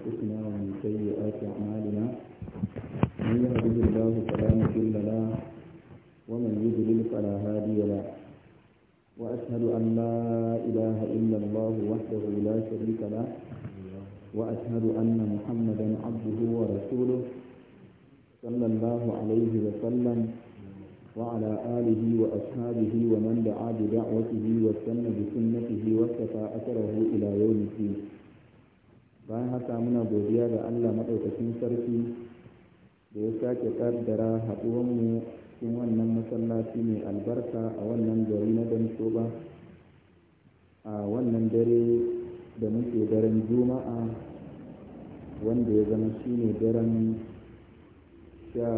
أنفسنا ومن سيئات أعمالنا من يهده الله فلا مضل له ومن يضلل فلا هادي له وأشهد أن لا إله إلا الله وحده لا شريك له وأشهد أن محمدا عبده ورسوله صلى الله عليه وسلم وعلى آله وأصحابه ومن دعا بدعوته واستنى بسنته واكتفى أثره إلى يوم الدين bayan haka muna godiya ga allah maɗaukacin sarki da ya sake ƙaddara haɗuwanmu cikin wannan masallaci mai albarka a wannan gari na ba. a wannan dare da muke daren juma'a wanda ya zama shine daren sha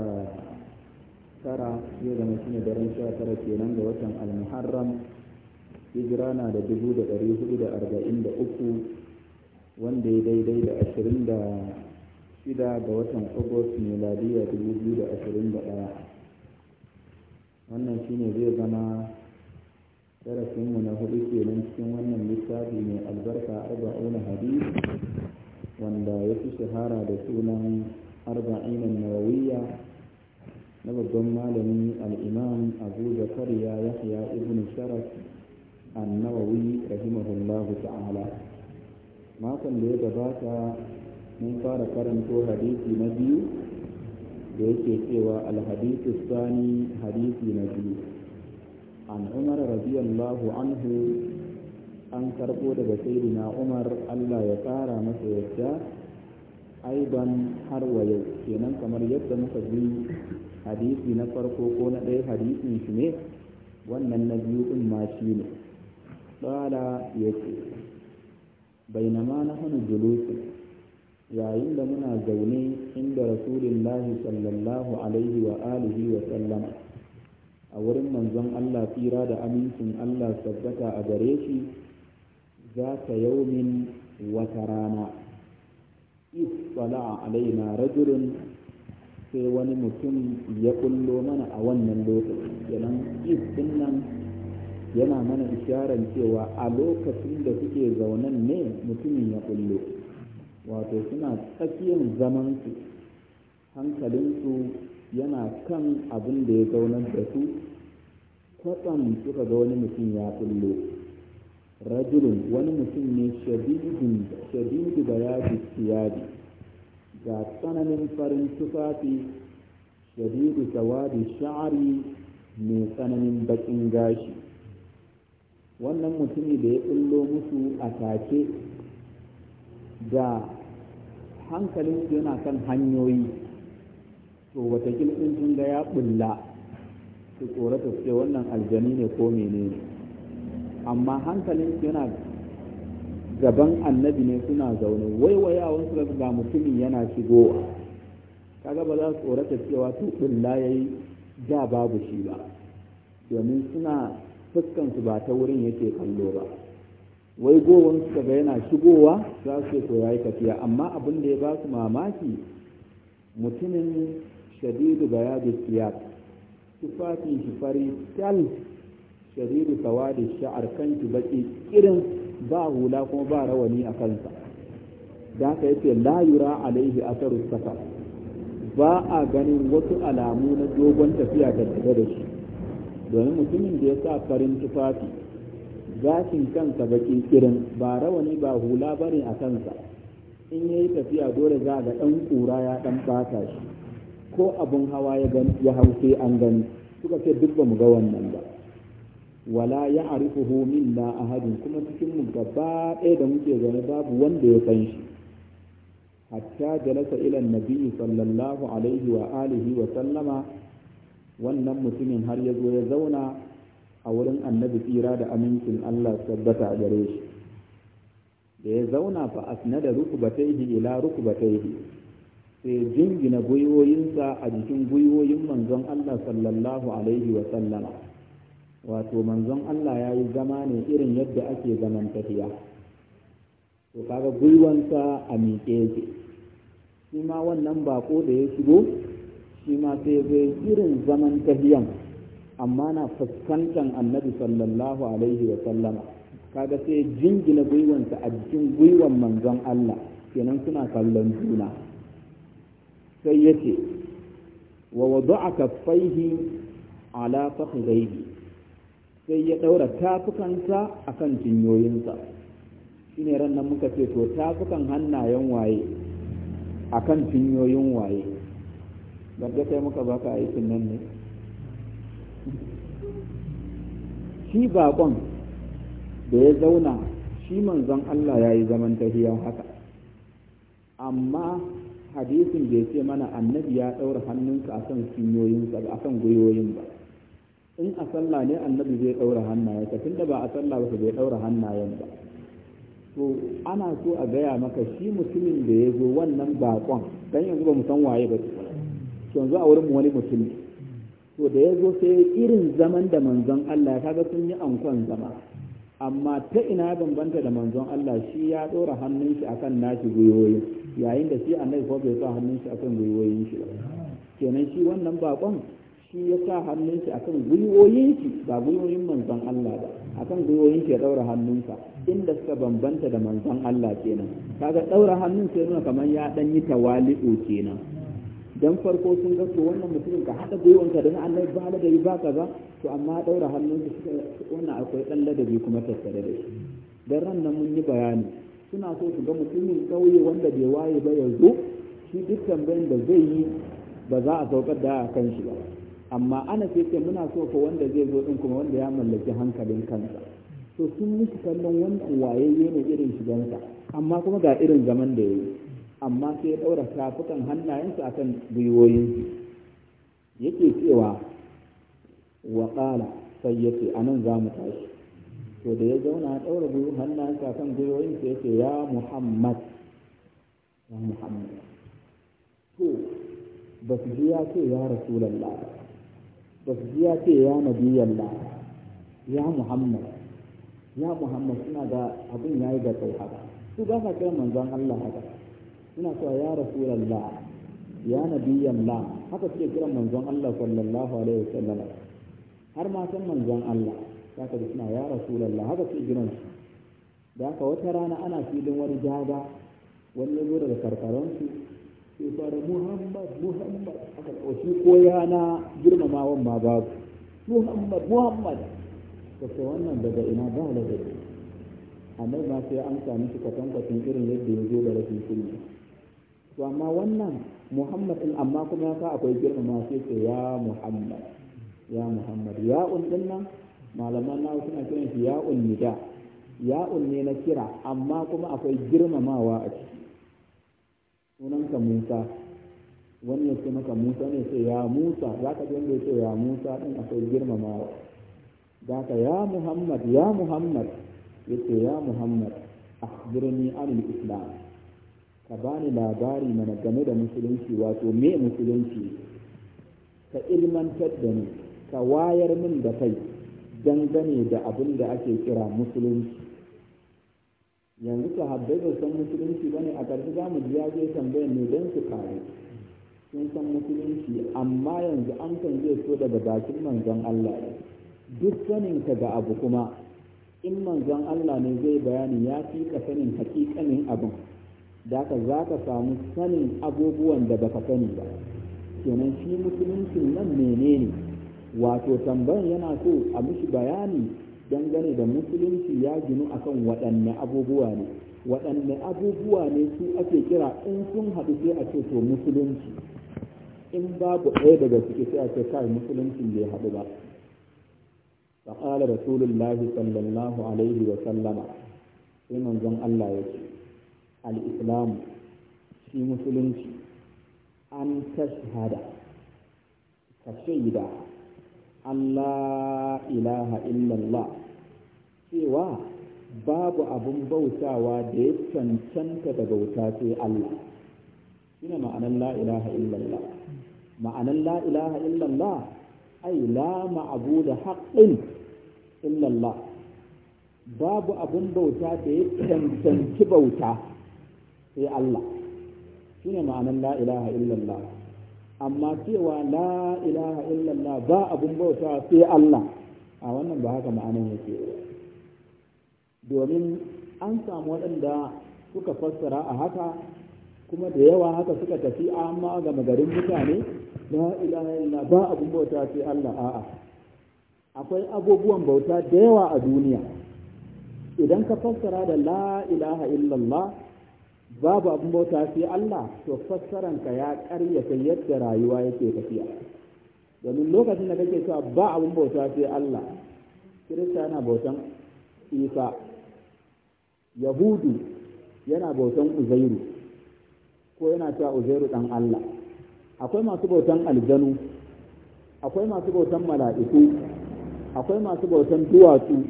tara ya zama shine daren sha tara kenan da watan almuharram hijira na da dubu da ɗari hudu da arba'in da uku wanda ya daidai da ashirin da shida ga watan agwas miladiya dubu biyu da ashirin da wannan shine zai zama darasinmu na hudu kenan cikin wannan littafi mai albarka arba'una hadis wanda ya fi shahara da sunan arba'in nawawiyya na babban malami al'imam abu zakariya yahya ibn sharaf annawawi rahimahullahu ta'ala makon da ya gabata mun fara karanto hadisi na biyu da yake cewa alhadisu sani hadisi na biyu an umar radiyallahu anhu an karbo daga na umar allah ya kara masa yadda aiban har wa yau kenan kamar yadda muka ji hadisi na farko ko na ɗaya hadisin shi ne wannan na biyu in ma shi ne Ɗala, ya ce bainama nahnu julusun yayin da muna zaune inda rasulillahi sallallahu alaihi wa wa sallama a wurin manzon Allah tsira da amincin Allah sabbata a gare shi za ta yaumin wata rana isfala alaina rajulun sai wani mutum ya kullo mana a wannan lokacin kenan is din yana mana isharan cewa a lokacin da suke zaunan ne mutumin ya kullo wato suna tsakiyar zamansu hankalinsu yana kan abin da ya zaunar da su kwatsam suka ga wani mutum ya kullo rajulun wani mutum ne shadidu da fi siyadi ga tsananin farin tufafi shadidu sawadi sha'ari mai tsananin baƙin gashi wannan mutumi da ya ɓullo musu a take da hankalin hankalinsu yana kan hanyoyi to watakil in sun ga ya ɓulla su tsorata su ce wannan aljani ne ko menene amma hankalin su yana gaban annabi ne suna zaune waiwayawan su ga mutumin yana shigowa kaga ba za su tsorata cewa to ɓulla ya yi da babu shi ba domin suna fuskansu ba ta wurin yake kallo ba wai gowon su ga yana shigowa za su to yayi tafiya amma abin da ya ba su mamaki mutumin shadidu bayadu siyar tufafin shi fari tal shadidu sawadi sha'ar kanki baki irin ba hula kuma ba rawani a kansa da ka yace la yura alaihi atharu safar ba a ganin wasu alamu na dogon tafiya da da shi domin mutumin da ya sa farin tufafi gashin kansa baki kirin ba rawani ba hula ba ne a kansa in yayi tafiya dole za ga ɗan ƙura ya dan bata shi ko abun hawa ya hau sai an gani suka ce duk ba mu ga wannan ba wala ya na a ahadin kuma cikin mu gaba ɗaya da muke gani babu wanda ya san shi hatta jalasa ila nabi sallallahu alaihi wa alihi wa sallama wannan mutumin har ya zo ya zauna a wurin annabi tsira da amincin Allah tabbata a gare shi da ya zauna fa asnada rukbatayhi ila rukbatayhi sai jingina gwiwoyinsa a jikin gwiwoyin manzon Allah sallallahu alaihi wa sallama wato manzon Allah ya yi zama ne irin yadda ake zaman tafiya to kaga gwiwansa a miƙe yake shi ma wannan bako da ya shigo shi ma sai zai irin zaman tahiyan amma na fuskantar annabi sallallahu alaihi wa sallama kaga sai jingina gwiwansa a jikin gwiwan manzon Allah kenan suna kallon juna sai yace wa wada'a kaffaihi ala fakhidaihi sai ya daura tafukansa akan cinyoyinsa shine ran nan muka ce to tafukan hannayen waye akan cinyoyin waye babba kai muka baka aikin nan ne shi baƙon da ya zauna shi manzon Allah ya yi zaman tafiya haka amma hadisin bai ce mana annabi ya ɗaura hannunsa akan cinyoyinsa ba kan gwiwoyin ba in a sallah ne annabi zai ɗaura hannayen ka tunda ba a sallah ba bai ɗaura hannayen ba to ana so a gaya maka shi mutumin da ya zo wannan baƙon dan yanzu ba mu san waye ba yanzu a wurin wani mutum to da ya zo sai irin zaman da manzon Allah ya kaga sun yi ankon zama amma ta ina bambanta da manzon Allah shi ya ɗora hannun shi akan nashi gwiwoyi yayin da shi annabi ko bai sa hannun shi akan gwiwoyin shi kenan shi wannan bakon shi ya sa hannun shi akan gwiwoyin shi ba gwiwoyin manzon Allah ba akan gwiwoyin shi ya ɗaura hannunsa inda suka bambanta da manzon Allah kenan kaga ɗaura hannun sai nuna kamar ya ɗan yi tawali'u kenan dan farko sun ga to wannan mutumin ka haɗa ka da na Allah ba ladabi ba ka ba to amma ɗaura suka wannan akwai ɗan ladabi kuma tattare da shi dan ran nan mun yi bayani suna so su ga mutumin ƙauye wanda bai waye ba yanzu shi duk tambayin da zai yi ba za a saukar da a kan shi ba amma ana sai ce muna so ko wanda zai zo din kuma wanda ya mallaki hankalin kansa to sun musu kallon wannan waye ne irin shigansa amma kuma ga irin zaman da ya yi amma sai ya ɗaura shafukan hannayensa akan gwiwoyinsu yake cewa wa ƙala sai ya ce a nan za mu tashi to da ya zauna ya ɗaura gwiwo hannayensa akan gwiwoyinsa ya ce ya muhammad ya muhammad to ba su ji ya ce ya rasulallah ba su ji ya ce ya nabiyallah ya muhammad ya muhammad suna da abin ya yi da tsohaba su ba sa kai manzon allah haka suna cewa ya rasulallah ya nabiyallah haka suke kiran manzon Allah sallallahu alaihi wasallam har matan manzon Allah haka ji suna ya rasulallah haka suke kiran su da haka wata rana ana filin wani jaga wani ya daga daga su sai fara muhammad muhammad haka ko koya na girmamawan ma babu muhammad muhammad kasa wannan daga ina ba da annabi ma sai an sami shi kwatankwacin irin yadda ya zo da rashin kunya to amma wannan Muhammad din amma kuma ya sa akwai girmama sai ce ya Muhammad ya Muhammad un din nan malaman na suna kiran shi un nida un ne na kira amma kuma akwai girmamawa a ciki sunanka Musa wani ya ce maka Musa ne sai ya Musa za ka ji wanda ya ce ya Musa din akwai girmamawa za ka ya Muhammad ya Muhammad ya ce ya Muhammad akhbirni anil islam ka bani labari mana game da musulunci wato me musulunci ka ilmantar da ni ka wayar min da kai dangane da abin da ake kira musulunci yanzu ka haddasa san musulunci bane a ƙarshe za mu biya zai je tambayar ne don su kare sun san musulunci amma yanzu an kan zai so daga bakin manzon Allah duk sanin ka ga abu kuma in manzon Allah ne zai bayani ya fi ka sanin hakikanin abin da haka za ka samu sanin abubuwan da ba ka sani ba kenan shi musuluncin nan menene wato tambayan yana so a mishi bayani dangane da musulunci ya ginu akan waɗanne abubuwa ne waɗanne abubuwa ne su ake kira in sun haɗu sai a ce to musulunci in babu ɗaya daga ciki sai a ce kai musuluncin bai haɗu ba فقال رسول الله صلى الله عليه وسلم sai manzon Allah ya ce al'islamu shi musulunci an ta shahada ka shaida Allah ilaha illallah cewa babu abin bautawa da ya cancanta da bauta sai Allah shine ma'anar la ilaha illallah ma'anar la ilaha illallah ai la ma'abu da haƙƙin illallah babu abin bauta da ya cancanci bauta sai Allah shi ne ma'anan la ilaha illallah amma cewa la ilaha illallah ba abun bauta sai Allah a wannan ba haka ma'anan yake domin an samu waɗanda suka fassara a haka kuma da yawa haka suka tafi amma ga magarin mutane la ilaha illallah ba abun bauta sai Allah a'a akwai abubuwan bauta da yawa a duniya idan ka fassara da la ilaha illallah babu abin bauta sai Allah to fassaranka ya karyata yadda rayuwa yake tafiya domin lokacin da kake cewa ba abin bauta sai Allah kirista yana bautan isa yahudu yana bautan uzairu ko yana cewa uzairu dan Allah akwai masu bautan aljanu akwai masu bautan mala'iku akwai masu bautan duwatsu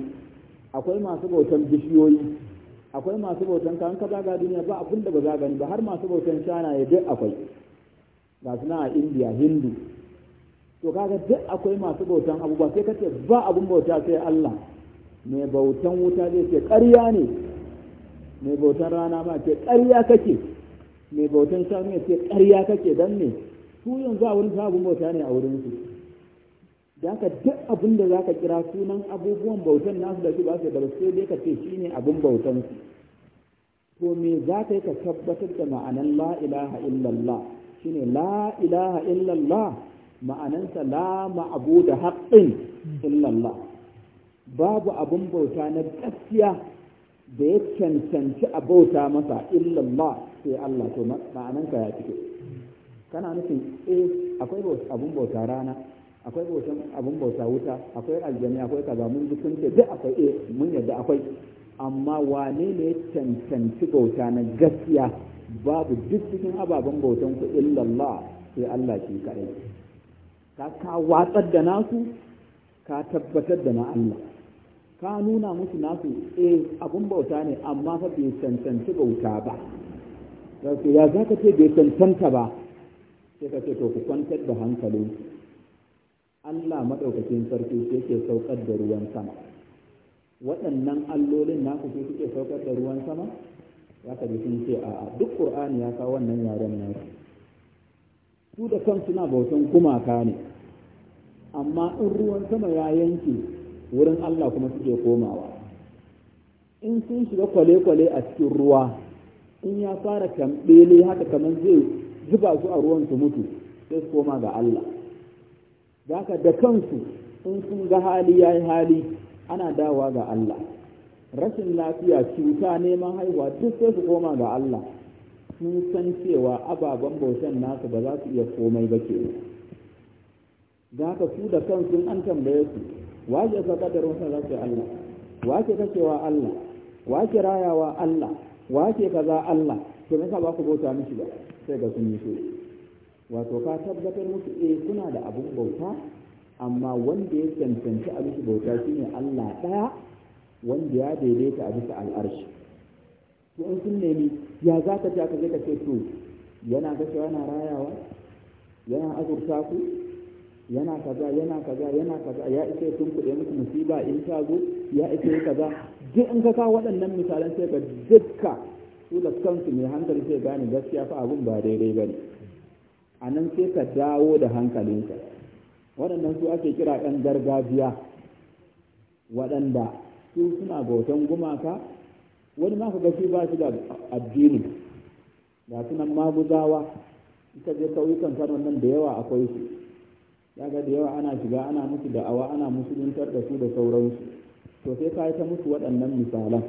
akwai masu bautan bishiyoyi akwai masu bautan kan ka zaga duniya ba abin da ba za gani ba har masu bautan ya duk akwai ga suna a indiya hindu to kaga duk akwai masu bautan abubuwa sai ka ce ba abin bauta sai allah mai bautan wuta zai ce ƙarya ne mai bautan rana ma ce ƙarya kake mai bautan shanu ya ce ƙarya kake don ne su yanzu a wurin sabon bauta ne a wurin su. da haka duk abin da za ka kira sunan abubuwan bautan nasu da su ba su da sai dai ka ce shi ne abin bautan su to me za ka yi ka tabbatar da ma'anan la ilaha illallah shine la ilaha illallah ma'anansa la da haqqin illallah babu abin bauta na gaskiya da ya cancanci a bauta masa illallah sai Allah to ma'anansa ya fito kana nufin eh akwai abin bauta rana akwai bautan abin bauta wuta akwai aljami akwai kaza mun ji kun duk akwai eh mun yadda akwai amma wane ne ya cancanci bauta na gaskiya babu duk cikin ababen bautan ku illallah sai Allah shi kaɗai ka ka watsar da nasu ka tabbatar da na Allah ka nuna musu nasu eh abin bauta ne amma fa bai cancanci bauta ba ya za ka ce bai cancanta ba sai ka ce to ku kwantar da hankali. Allah maɗaukacin sarki shi yake saukar da ruwan sama waɗannan allolin na su suke saukar da ruwan sama ya kaji sun ce a duk ƙur'ani ya kawo wannan yaren nasu su da kan suna bautan gumaka ne amma in ruwan sama ya yanke wurin Allah kuma suke komawa in sun shiga kwale-kwale a cikin ruwa in ya fara kamɓele haka kamar zai zuba su a ruwan su mutu sai su koma ga Allah za da kansu in sun ga hali ya yi hali ana dawa ga Allah rashin lafiya cuta neman haihuwa duk sai su koma ga Allah sun san cewa ababen bautan nasu ba za su iya komai ba ke za su da kansu an tambaye su wace ka kadarin sa za su Allah wace kashewa Allah wace rayawa Allah wace kaza Allah to me ba ku bauta mishi ba sai ga sun yi so wato ka tabbatar musu e, kuna da abun bauta amma wanda ya cancanci a bisa bauta shine Allah ɗaya wanda ya daidaita a bisa al'arshi to in sun nemi ya za ka ja ka je ka ce to yana gashewa yana rayawa yana azurta ku yana kaza yana kaza yana kaza ya isa tun kuɗe musu musiba in ta zo ya isa kaza duk in ka kawo waɗannan misalan sai ka dukka su da kansu mai hankali sai gane gaskiya fa abin ba daidai ba ne a nan sai ka dawo da hankalinka waɗannan su ake kira ɗan gargajiya waɗanda su suna bautan gumaka wani ma ka ga shi ba shi da addini ga sunan maguzawa ita je kauyukan kano nan da yawa akwai su ga da yawa ana shiga ana musu da'awa ana musuluntar da su da sauransu to sai ka yi ta musu waɗannan misalan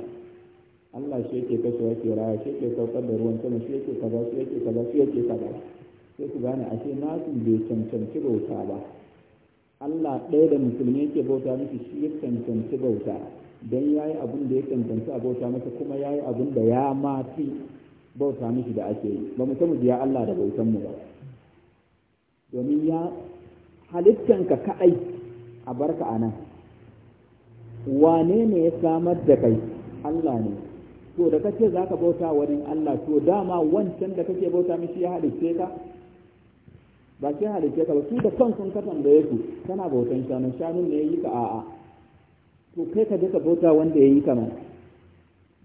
Allah shi yake kashe yake raya shi yake saukar da ruwan sama shi yake kaza shi yake kaza shi yake kaza sai ku gane ashe nasu bai cancanci bauta ba Allah ɗaya da musulmi yake bauta miki shi ya cancanci bauta don ya yi abin da ya cancanci a bauta masa kuma ya yi abin da ya ma fi bauta miki da ake yi ba mu mu biya Allah da bautan mu ba domin ya ka kaɗai a barka a nan wane ne ya samar da kai Allah ne to da kace zaka bauta wani Allah to dama wancan da kake bauta mishi ya halicce ka ba sai halice ka ba su da kan sun ka tambaye su kana bautan shanu shanu ne ya yi ka a'a to kai ka je bauta wanda ya yi ka ma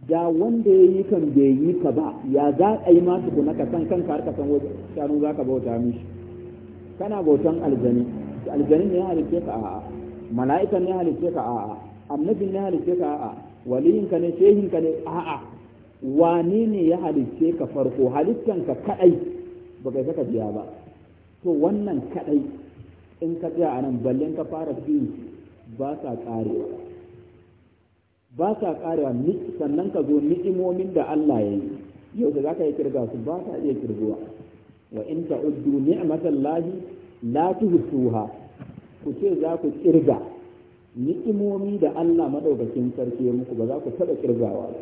da wanda ya yi kan bai yi ka ba ya za a yi masu kuna ka san kanka har ka san wajen shanu za ka bauta mishi kana bautan aljani aljani ne ya halice ka a'a mala'ikan ne ya halice ka a'a annabi ne ya halice ka a'a ka ne ka ne a'a wani ne ya halice ka farko halittanka kadai baka saka biya ba to wannan kadai in ka tsaya a nan balle ka fara fiyin ba sa karewa ba sa karewa sannan ka zo ni'imomin da Allah ya yi yau da za ka yi kirga su ba sa iya kirguwa wa in ta'uddu ni'matallahi la tuhsuha ku ce za ku kirga ni'imomi da Allah madaukakin sarki ya muku ba za ku taɓa kirgawa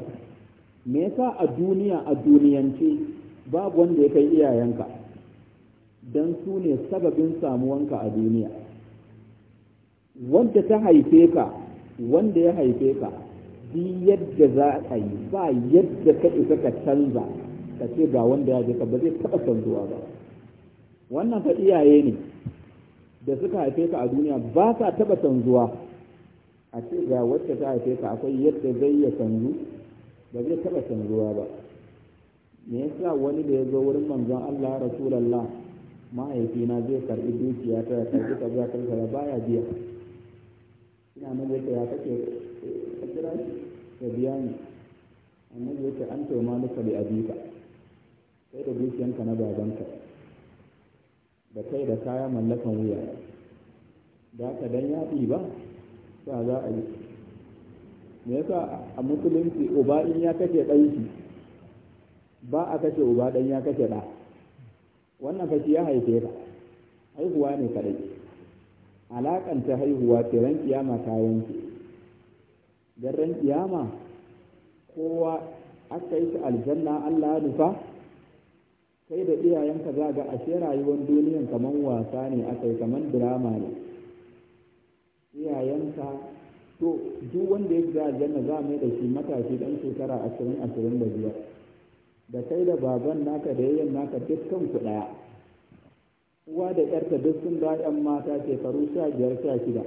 me yasa a duniya a duniyance babu wanda ya kai iyayenka don su ne sababin samuwanka a duniya wanda ta haife ka wanda ya haife ka bi yadda za a yi ba yadda ka isa ka canza ka ce ga wanda ya je ka ba zai taɓa canzuwa ba wannan fa iyaye ne da suka haife ka a duniya ba sa taɓa canzuwa a ce ga wacce ta haife ka akwai yadda zai ya canzu ba zai taɓa canzuwa ba me yasa wani da ya zo wurin manzon Allah Rasulallah mahaifina zai karɓi dukiya ta karɓi kaza ta ba ya biya ina nan yake ya kake kira ka biya ni annabi yake an ma nuka bi abika kai da dukiyanka na babanka da kai da kaya mallakan wuya da ka dan yaɗi ba ba za a yi me yasa a musulunci uba in ya kashe ɗanki? shi ba a kashe uba dan ya kashe ɗa wannan shi ya haife ka haihuwa ne kaɗai. alakanta haihuwa ce ran kiyama ta yanke don ran kiyama kowa aka yi ta aljanna Allah ya nufa kai da iyayenka za ga ashe rayuwar duniyan kamar wasa ne aka yi kamar drama ne iyayenka to duk wanda ya da aljanna za mai da shi matashi dan shekara ashirin ashirin da biyar da kai da baban naka da yayyan naka dukkan ku ɗaya uwa da 'yarta duk sun da ƴan mata shekaru sha biyar sha shida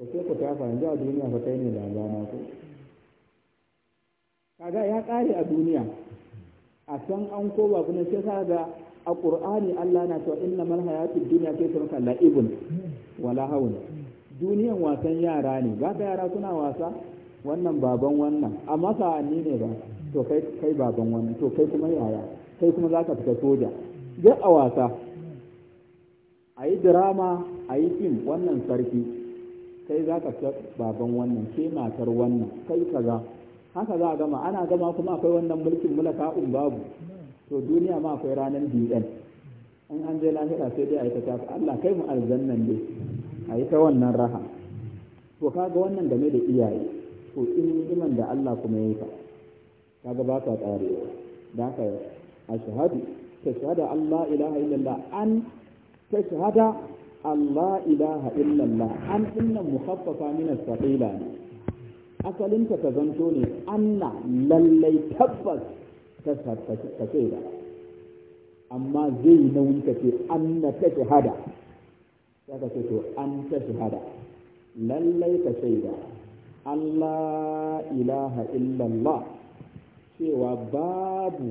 to sai ku tafa yanzu a duniya fa kai ne babana ku kaga ya kare a duniya a san an ko babu ne sai ka ga a ƙur'ani Allah na cewa duniya hayatud dunya kalla la'ibun wala hawan duniyan wasan yara ne ba ka yara suna wasa wannan baban wannan amma sa'anni ne ba to kai kai baban wani to kai kuma yaya kai kuma za ka fita soja duk a wasa a yi dirama a yi fim wannan sarki kai za ka fita baban wannan ke matar wannan kai kaza haka za a gama ana gama kuma akwai wannan mulkin mulaka un babu to duniya ma akwai ranar biɗan in an je lahira sai dai a yi ta tafi Allah kai mu aljannan ne a yi ta wannan raha to kaga wannan game da iyaye Ko in iman da Allah kuma ya yi fa kaga ba ta karewa da haka ashhadu tashhada Allah ilaha illallah an tashhada Allah ilaha illallah an inna mukhaffafa min as-saqila asalin ta zanto ne anna lallai tabbas ta shaida amma zai nauyi ka ce anna ta shahada sai ka ce to an ta shahada lallai ka shaida Allah ilaha illallah cewa babu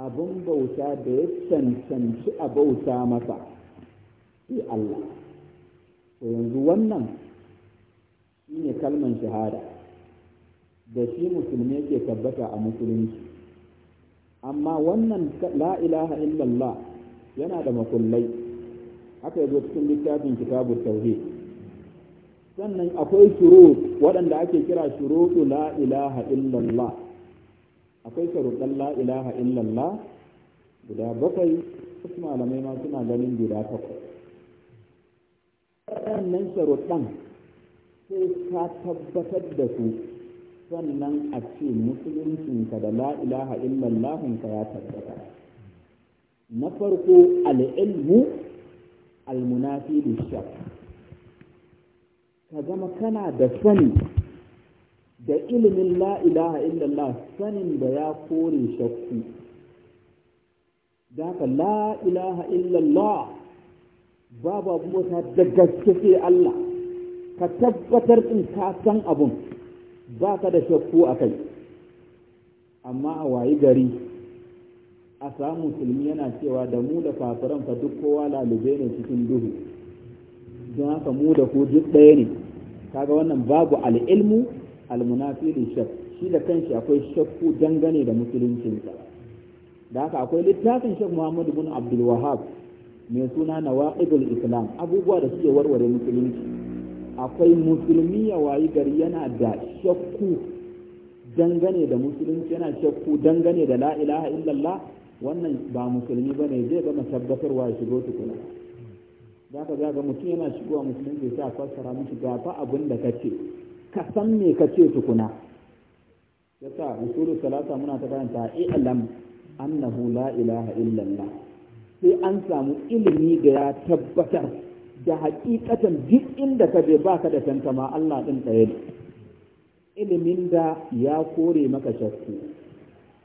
abin bauta da ya cancanci a bauta masa sai Allah to yanzu wannan shi ne kalman shahada da shi musulmi yake tabbata a musulunci amma wannan la ilaha illallah yana da makullai haka yazo cikin littafin kitabu tauhid sannan akwai shuru waɗanda ake kira shuru la ilaha illallah akwai sharuɗan la ilaha illallah guda bakwai wasu malamai ma suna ganin guda takwas waɗannan sharuɗan sai ka tabbatar da su sannan a ce musuluncinka da la ilaha illallahunka ya tabbata na farko al'ilmu almunafi shak ka zama kana da sani da ilimin la illallah sanin da ya kore shakku Da haka la'ilaha illallah babu abu ta da gaske Allah ka tabbatar in ka san abun ba ka da shakku a kai amma a wayi gari a samu musulmi yana cewa da mu da kafiran fa duk kowa lalube ne cikin duhu don haka mu da ku duk ɗaya ne kaga wannan babu al'ilmu almunafiri da shak shi da kanshi akwai shakku dangane da musuluncinsa da haka akwai littafin shak muhammadu bin abdul wahab mai suna nawaqidul islam abubuwa da suke warware musulunci akwai musulmi ya wayi gari yana da shakku dangane da musulunci yana shakku dangane da la ilaha illallah wannan ba musulmi ba ne zai gama tabbatarwa ya shigo tukuna za ka ga mutum yana shigowa musulunci sai a fassara mishi ga fa abin da ka ce ka san me ka ce tukuna yasa usulu salata muna ta karanta i'lam annahu la ilaha illallah sai an samu ilimi da ya tabbatar da hakikatan duk inda ka je baka da tantama Allah din tsaye ne ilimin da ya kore maka shakku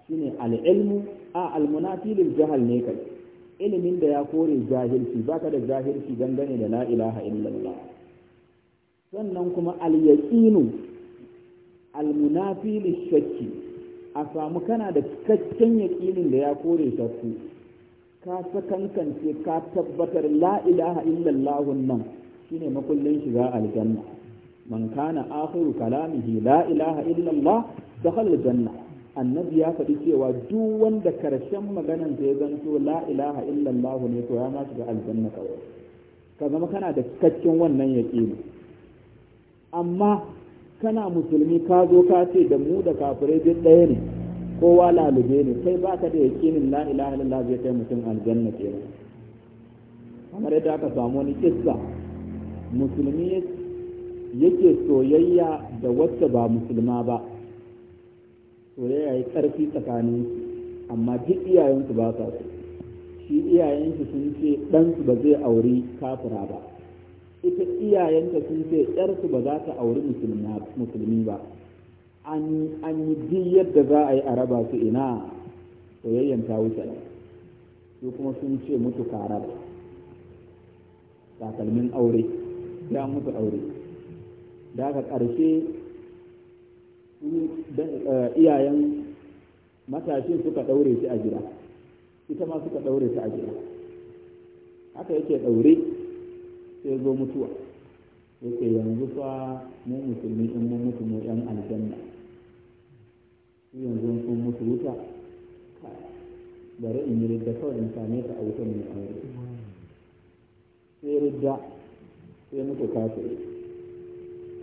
shine al-ilmu a al-munafi lil ne kai ilimin da ya kore jahilci baka da jahilci dangane da la ilaha illallah sannan kuma al-yaqinu al-munafi lishakki a samu kana da cikakken yaqinin da ya kore shakku ka sakankance ka tabbatar la ilaha illallah nan shine makullin shiga aljanna man kana akhiru kalamihi la ilaha illallah dakhala aljanna annabi ya faɗi cewa duk wanda karshen maganan da ya zanto la ilaha illallah ne to ya ma shiga aljanna kawai ka zama kana da cikakken wannan yaƙinin. amma kana musulmi ka zo ka ce da mu da kafirai duk ɗaya ne kowa lalube ne kai ka da yaƙinin la ilaha illallah zai kai mutum aljanna kenan kamar yadda aka samu wani kissa musulmi yake soyayya da wacce ba musulma ba soyayya ya ƙarfi tsakanin amma duk iyayensu ba sa so shi iyayensu sun ce ɗansu ba zai auri kafira ba ita iyayenta sun ce ‘yarsu ba za ta auri musulmi ba, an yi duk yadda za a yi a raba su ina soyayyen ta wuce su kuma sun ce mutu karar takalmin aure ya mutu aure daga ƙarshe eh, iyayen matashin suka ɗaure shi a gida ita ma suka ɗaure shi a gida haka yake ɗaure sai zo mutuwa yake yanzu fa mu musulmi in mun mutu mu yan aljanna yanzu sun mutu wuta bari in yi ridda kawai in same ta a wutan mai aure sai ridda sai mutu kafiri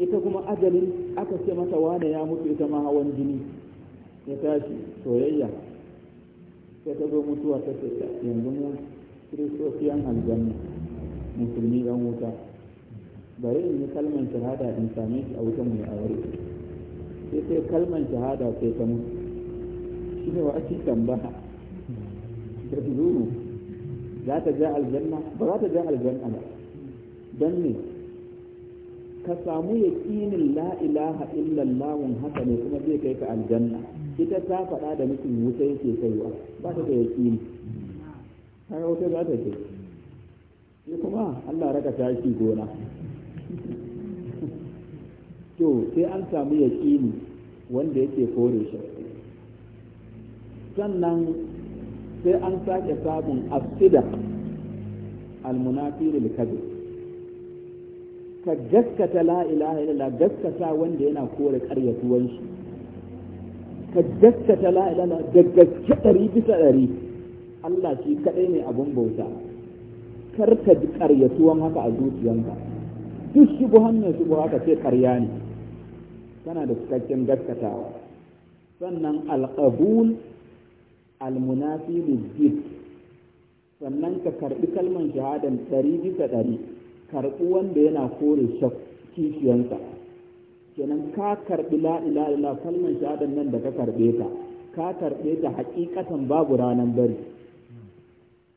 ita kuma ajalin aka ce mata wane ya mutu ita ma hawan jini ya tashi soyayya sai ta zo mutuwa ta ce yanzu mu kiristofiyan aljanna musulmi ɗan wuta bari in yi kalman shahada in same shi a wutan mai aure sai sai kalman shahada sai ta mutu shi ne wa ake tambaya da zuru za ta ja aljanna ba za ta ja aljanna ba don ne ka samu yaƙinin la ilaha illallahun haka ne kuma zai kai ka aljanna ita ta faɗa da mutum wuta yake kaiwa ba ta da yaƙini har wuta za ta kai shi kuma Allah raka tashi gona to sai an samu yaƙini wanda yake kore shi sannan sai an sake samun asida almunafir alkazib ka gaskata la ilaha illallah gaskata wanda yana kore karyatuwan shi ka gaskata la ilaha da gaske ɗari bisa ɗari Allah shi kaɗai ne abun bauta Kar ka ji karyatuwan haka a zuciyanka duk shigo hanyar shi haka ce karya ne kana da cikakken gaskatawa sannan alƙabul almunafi lizid sannan ka karɓi kalman shahadan ɗari bisa ɗari karɓi wanda yana kore kishiyansa kenan ka karɓi la'ila'ila kalman shahadan nan da ka karɓe ta ka karɓe ta haƙiƙatan babu ranar bari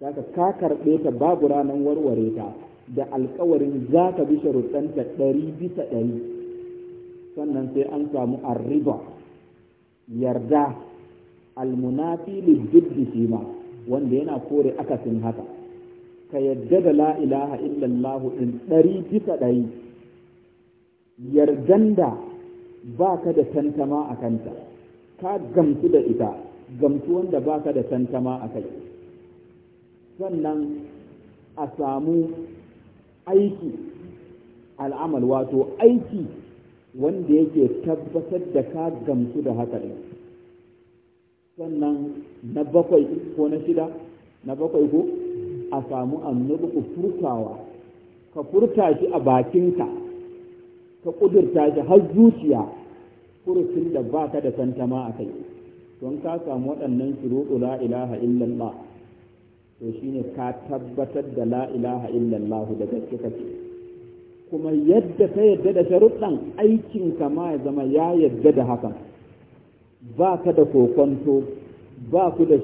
Saka ka karɓe ta babu ranar warware ta da alkawarin za ka bi sharuɗanta ɗari bisa ɗari sannan sai an samu arriba yarda almunafi lijibbi shi ma wanda yana kore akasin haka ka yadda da la ilaha illallah ɗin ɗari bisa ɗari yardan da ba ka da tantama a kanta ka gamsu da ita gamsu wanda ba ka da tantama a kai sannan a samu aiki al'amal wato aiki wanda yake tabbatar da ka gamsu da haka ne sannan na bakwai ko na shida na bakwai ko a samu annabi ku furtawa ka furta shi a bakinka ka ƙudurta shi har zuciya kurufin da ba ka da santama a kai don ka samu waɗannan shuruɗu la ilaha illallah to shine ka tabbatar da la ilaha illallah da gaske kake kuma yadda ka yadda da sharuɗan aikin kama ya zama ya yadda da hakan ba ka da kokonto ba ka da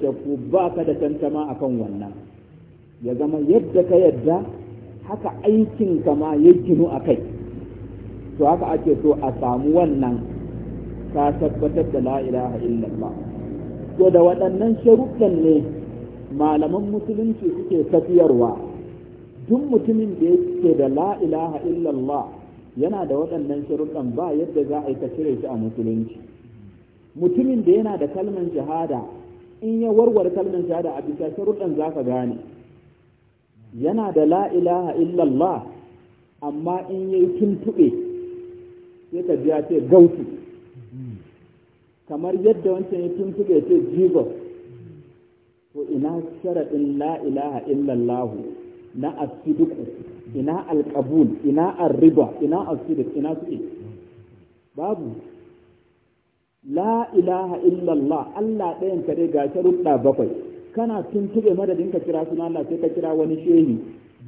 shakku ba ka da tantama akan wannan ya zama yadda ka yadda haka aikin kama ya ginu a kai to haka ake so a samu wannan ka tabbatar da la ilaha illallah to da waɗannan sharuɗan ne malaman musulunci suke tafiyarwa duk mutumin da yake da la ilaha illallah yana da waɗannan sharuɗan ba yadda za a yi ka cire shi a musulunci mutumin da yana da kalman shahada in ya warware kalman shahada a bisa sharuɗan za ka gane yana da la ilaha illallah amma in ya yayi tuntuɓe sai ka ji ce gautu kamar yadda wancan ya tuntuɓe ce jesus to ina sharaɗin la ilaha illallahu na asidiku ina alƙabul ina arriba ina asidik ina suke babu la ilaha illallah Allah ɗayan kare ga sharuɗa bakwai kana tuntuɓe madadin ka kira suna Allah sai ka kira wani shehi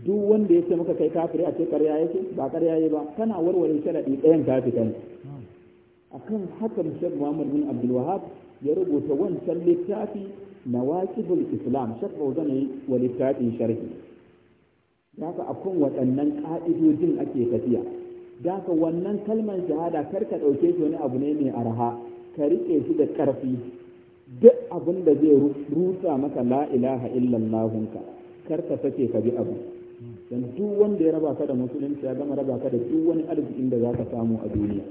duk wanda ya ce maka kai kafiri a ce ƙarya yake ba ƙarya yake ba kana warware sharaɗi ɗayan kafiran akan hakan Sheikh Muhammad bin Abdul Wahab ya rubuta wancan littafi nawaqidul islam shek bauza ne wa littafin sharhi daga akun waɗannan ƙa'idojin ake tafiya daga wannan kalman shahada kar ka ɗauke shi wani abu ne mai arha ka riƙe shi da ƙarfi duk abin da zai rusa maka la ilaha illallahunka kar ka sake ka bi abu dan duk wanda ya raba ka da musulunci ya gama raba ka da duk wani arzikin da za ka samu a duniya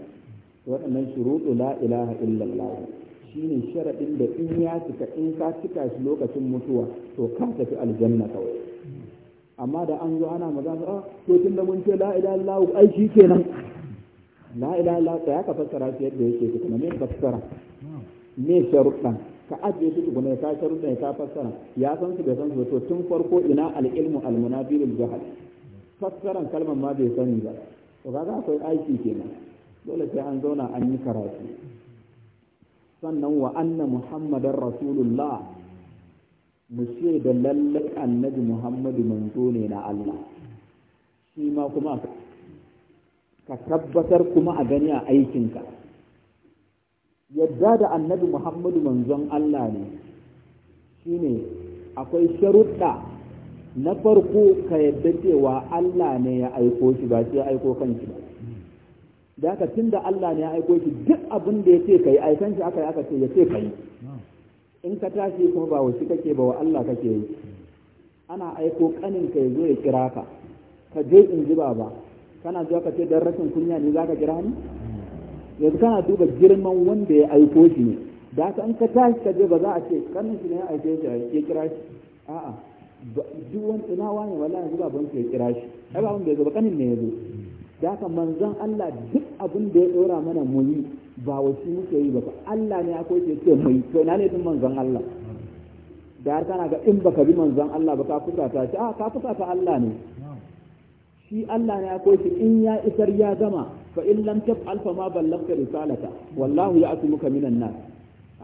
waɗannan shuruɗu la ilaha illallah shine sharaɗin da in ya cika in ka cika shi lokacin mutuwa to ka tafi aljanna kawai amma da an zo ana magana a ah, to tun da mun ce la ilaha illallah ai shi kenan la ilaha illallah da ya ka fassara shi yadda yake kuma me fassara me sharuɗan ka ajiye su tukuna ka sharuɗan ka fassara ya san su bai san su to tun farko ina al-ilmu al-munabilul fassaran kalmar ma bai sani ba to kaga akwai aiki kenan dole sai an zauna an yi karatu sannan wa anna muhammadan rasulullah mu ce da lallai annabi muhammadu manzo ne na Allah shi ma kuma ka tabbatar kuma a gani a aikinka yadda da annabi muhammadu manzon Allah ne shi ne akwai sharuɗa na farko ka yadda cewa Allah ne ya aiko shi ba sai ya aiko kanshi ba da haka tun da Allah ne ya aiko shi duk abin da ya ce ka yi aikan shi aka yi aka ce ya ce ka yi in ka tashi kuma ba wasu kake ba wa Allah kake yi ana aiko kanin ka ya zo ya kira ka ka je in ji ba kana zuwa ka ce dan rashin kunya ne za ka kira ni yanzu kana duba girman wanda ya aiko shi ne da ka in ka tashi ka je ba za a ce kanin shi ne ya aike shi ya kira shi a'a duk wani tunawa wani wallahi zuwa ban ya kira shi ai ba wanda ya zo ba kanin ne ya zo da haka manzon Allah duk abin da ya ɗora mana mu yi ba wa shi muke yi ba Allah ne akwai ce ce mai to ne laifin manzon Allah da har kana ga in baka bi manzon Allah ba ka fusata shi a ah, ka fusata Allah ne shi Allah ne akwai shi in ya isar ya zama fa in lam taf'al fa ma ballaghta risalata wallahu ya'tumuka minan nas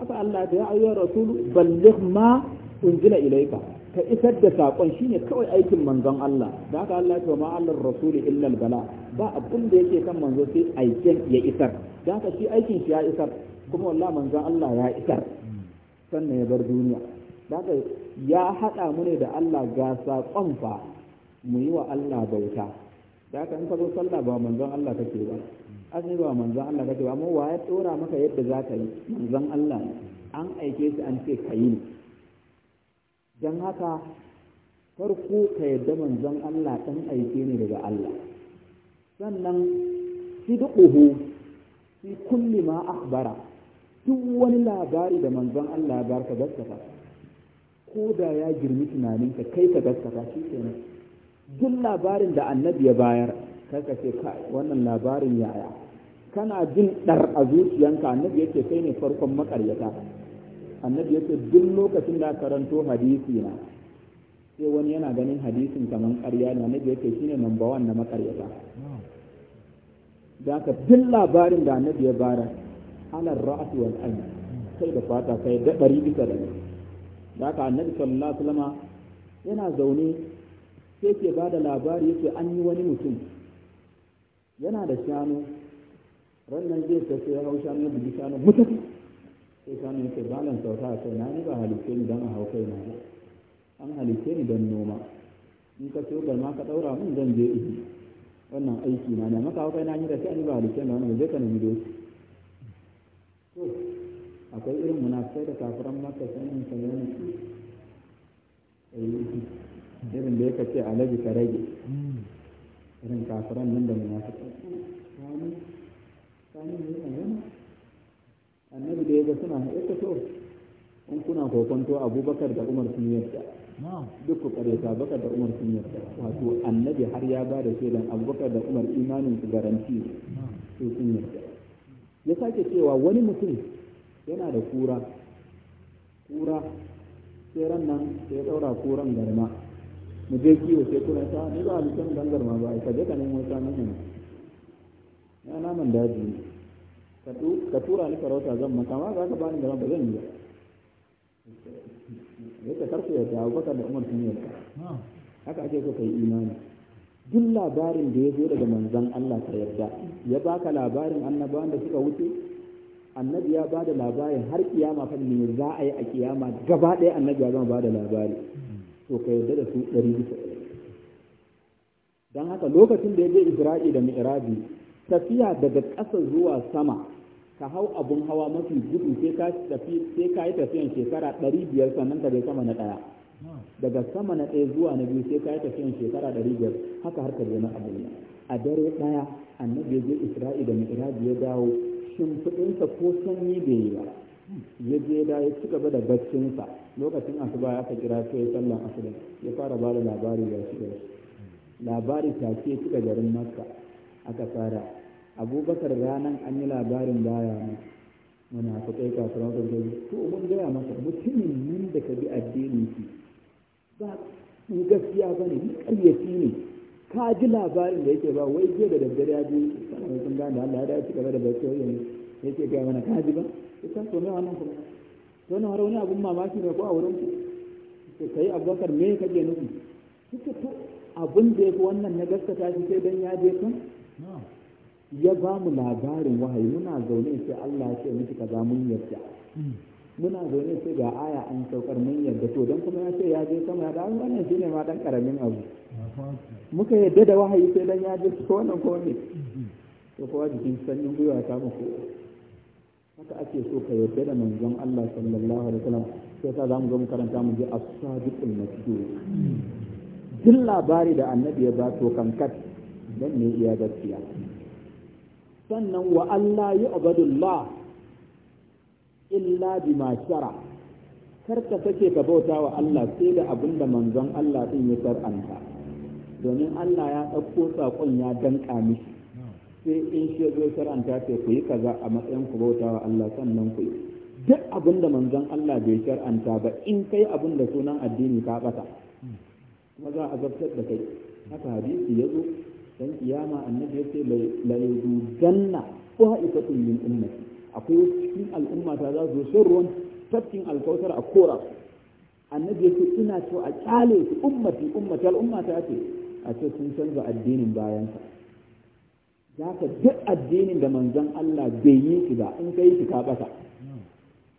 haka Allah ya ayyuhar rasulu balligh ma unzila ilayka ka isar da saƙon shine kawai aikin manzon Allah da haka Allah ya ma Allah rasuli illal bala ba abin da yake kan manzo sai aikin ya isar da haka shi aikin shi ya isar kuma wallahi manzon Allah ya isar sannan ya bar duniya da haka ya haɗa mu ne da Allah ga saƙon fa mu yi wa Allah bauta da haka in ka zo sallah ba manzon Allah kake ba azumi ba manzon Allah kake ba amma wa ya tsora maka yadda za ka yi manzon Allah an aike shi an ce ka yi don haka farko ka yadda manzon Allah ɗan aike ne daga Allah sannan sidquhu fi kulli ma akhbara duk wani labari da manzon Allah ya ka gaskata ko da ya girmi tunaninka kai ka gaskata shi kenan duk labarin da annabi ya bayar karka ce wannan labarin yaya kana jin ɗar a zuciyanka annabi yake kai ne farkon makaryata annabi yace duk lokacin da karanto hadisi na sai wani yana ganin hadisin kaman ƙarya ne annabi yace shine number 1 na makaryata da ka duk labarin da annabi ya bara halar ra'as wal ayn sai da fata sai da ɗari bisa da ne da ka annabi sallallahu alaihi wasallama yana zaune sai ke ba da labari yake an yi wani mutum yana da shanu rannan zai tafi ya hausa shanu ya bugi shanu mutum sai kanu yake balan sauka a na ni ba halitta ni don a hau kaina ba an halitta ni don noma in ka ciyo ma ka ɗaura mun zan je ihi wannan aiki na ne maka hau na ni da sai ni ba halitta ni wannan zai ka nemi doki to akwai irin munafikai da kafiran maka sanin ka ne irin da yake ce alaji ka rage irin kafiran nan da ka kanu kanu ne a yana annabi da ya ga suna haɗe ta so in kuna kokonto abubakar da umar sun yarda duk ku kareta bakar da umar sun yarda wato annabi har ya ba da shaidan abubakar da umar imanin su garanti su sun yarda ya sake cewa wani mutum yana da kura kura sai ran nan sai ɗaura kuran garma mu je kiwo sai kuna ta ni ba a bikin dangar ma ba ka je ka nemo nan ne ya naman daji ka tura ni farauta zan maka ma za ka ba ni gaba ba zan yi ba yadda karfe ya ta abubakar da umar sun yarda haka ake so ka yi imani duk labarin da ya zo daga manzan Allah ka yarda ya baka labarin annabawan da suka wuce annabi ya bada labarin har kiyama fa ne za a yi a kiyama gaba ɗaya annabi ya ba bada labari to ka yarda da su ɗari bisa don haka lokacin da ya je Isra'i da mirabi tafiya daga ƙasa zuwa sama ka hau abun hawa mafi gudu sai ka tafi sai ka yi tafiyan shekara ɗari biyar sannan ka je sama na ɗaya daga sama na ɗaya zuwa na biyu sai ka yi tafiyan shekara ɗari biyar haka har ka je na abu a dare ɗaya annabi ya je isra'i da mi'raji ya dawo shimfiɗinsa ko sanyi bai yi ba ya je da ya ci gaba da baccinsa lokacin asuba ya kira sai sallan asuba ya fara ba da labari ga shi labari ta ce cika garin makka aka fara abubakar ranar an yi labarin baya ne muna kai kasuwa wata gari to mun gaya masa mutumin nan da ka bi addinin ki ba ku gaskiya ba ne ƙaryaci ne ka ji labarin da yake ba wai je da daddare ya ji sanar da sun gane Allah ya dace gaba da barci ya yake gaya mana ka ji ba ita so ne wannan kuma ta wannan har wani abun mamaki ne ko a wurin ku kai abubakar me ke nufi suka to abin da ya fi wannan na gaskata shi sai dan ya je kan ya ba mu labarin wahayi muna zaune sai Allah ya ce miki kaza mun yarda muna zaune sai ga aya an saukar mun yarda to dan kuma ya ce ya je sama ya dawo wannan shine ma dan karamin abu muka yarda da wahayi sai dan ya je ko wannan ko ne to kowa jikin sanyin gwiwa ta muku haka ake so ka yarda da manzon Allah sallallahu alaihi wasallam sai ka zamu zo mu karanta mu je as-sadiqul masjid duk labari da annabi ya ba to kankat dan ne iya gaskiya sannan wa Allah yi abadullah illa ma shara kar ka sake ka bauta wa Allah sai da abin da manzon Allah din ya kar'anta domin Allah ya ɗauko sakon ya danƙa miki sai in shi zo sar'anta ce ku yi kaza a matsayin ku bauta wa Allah sannan ku yi duk abin da manzon Allah bai kar'anta ba in kai abin sunan addini ka bata kuma za a zartar da kai haka hadisi ya zo dan kiyama annabi ya ce la yudanna qa'ifatun min ummati akwai cikin al'umma ta za su ruwan tafkin alkautar a kora annabi ya ce ina so a kyale su ummati ummati al'umma ta ce a ce sun canza addinin bayansa za ka duk addinin da manzon Allah bai yi shi ba in kai shi ka bata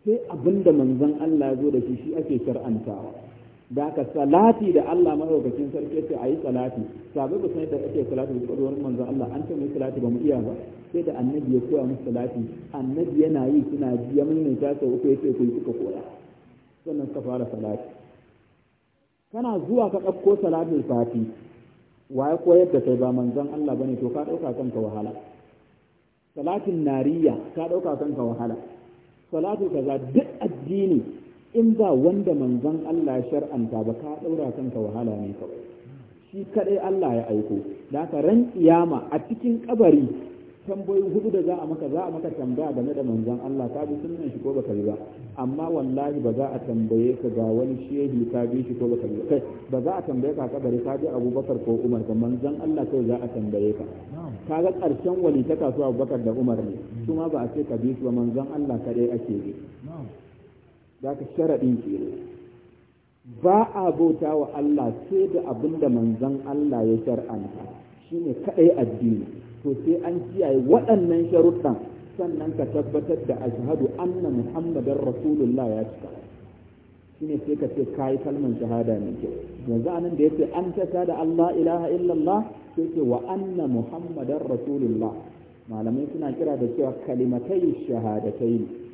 sai abinda manzon Allah ya zo da shi shi ake shar'antawa da ka salati da Allah madaukakin sarki a ayi salati sabe ba san da ake salati da kodon manzan Allah an ce salati ba mu iya ba sai da annabi ya koya musu salati annabi yana yi suna ji ya mun ta sau uku yace ku koya sannan suka fara salati kana zuwa ka ɗauko salatin fati ya koyar da kai ba manzon Allah bane to ka ɗauka kanka wahala salatin nariya ka ɗauka kanka wahala salatu kaza duk addini in ba wanda manzon Allah ya shar'anta ba ka ɗaura kanka wahala ne kawai shi kaɗai Allah ya aiko da ka ran kiyama a cikin kabari tambayi hudu da za a maka za a maka tambaya game da manzon Allah ka bi sunan shi ko baka bi ba amma wallahi ba za a tambaye ka ga wani shehi ka bi shi ko baka bi kai ba za a tambaye ka kabari ka bi Abubakar ko Umar ba manzon Allah kai za a tambaye ka kaga karshen wali ta kasuwa Abubakar da Umar ne kuma ba a ce ka bi su ba manzon Allah kaɗai ake bi za ka sharaɗin kenan ba a bauta wa Allah sai da abin da manzon Allah ya shar'anta ne kaɗai addini to sai an kiyaye waɗannan sharuɗan sannan ka tabbatar da ashhadu anna muhammadar rasulullah ya cika shine sai ka ce kayi kalman shahada ne ke yanzu anan da yace an ta da Allah ilaha illallah sai ce wa anna muhammadar rasulullah malamai suna kira da cewa kalimatai shahadatai ne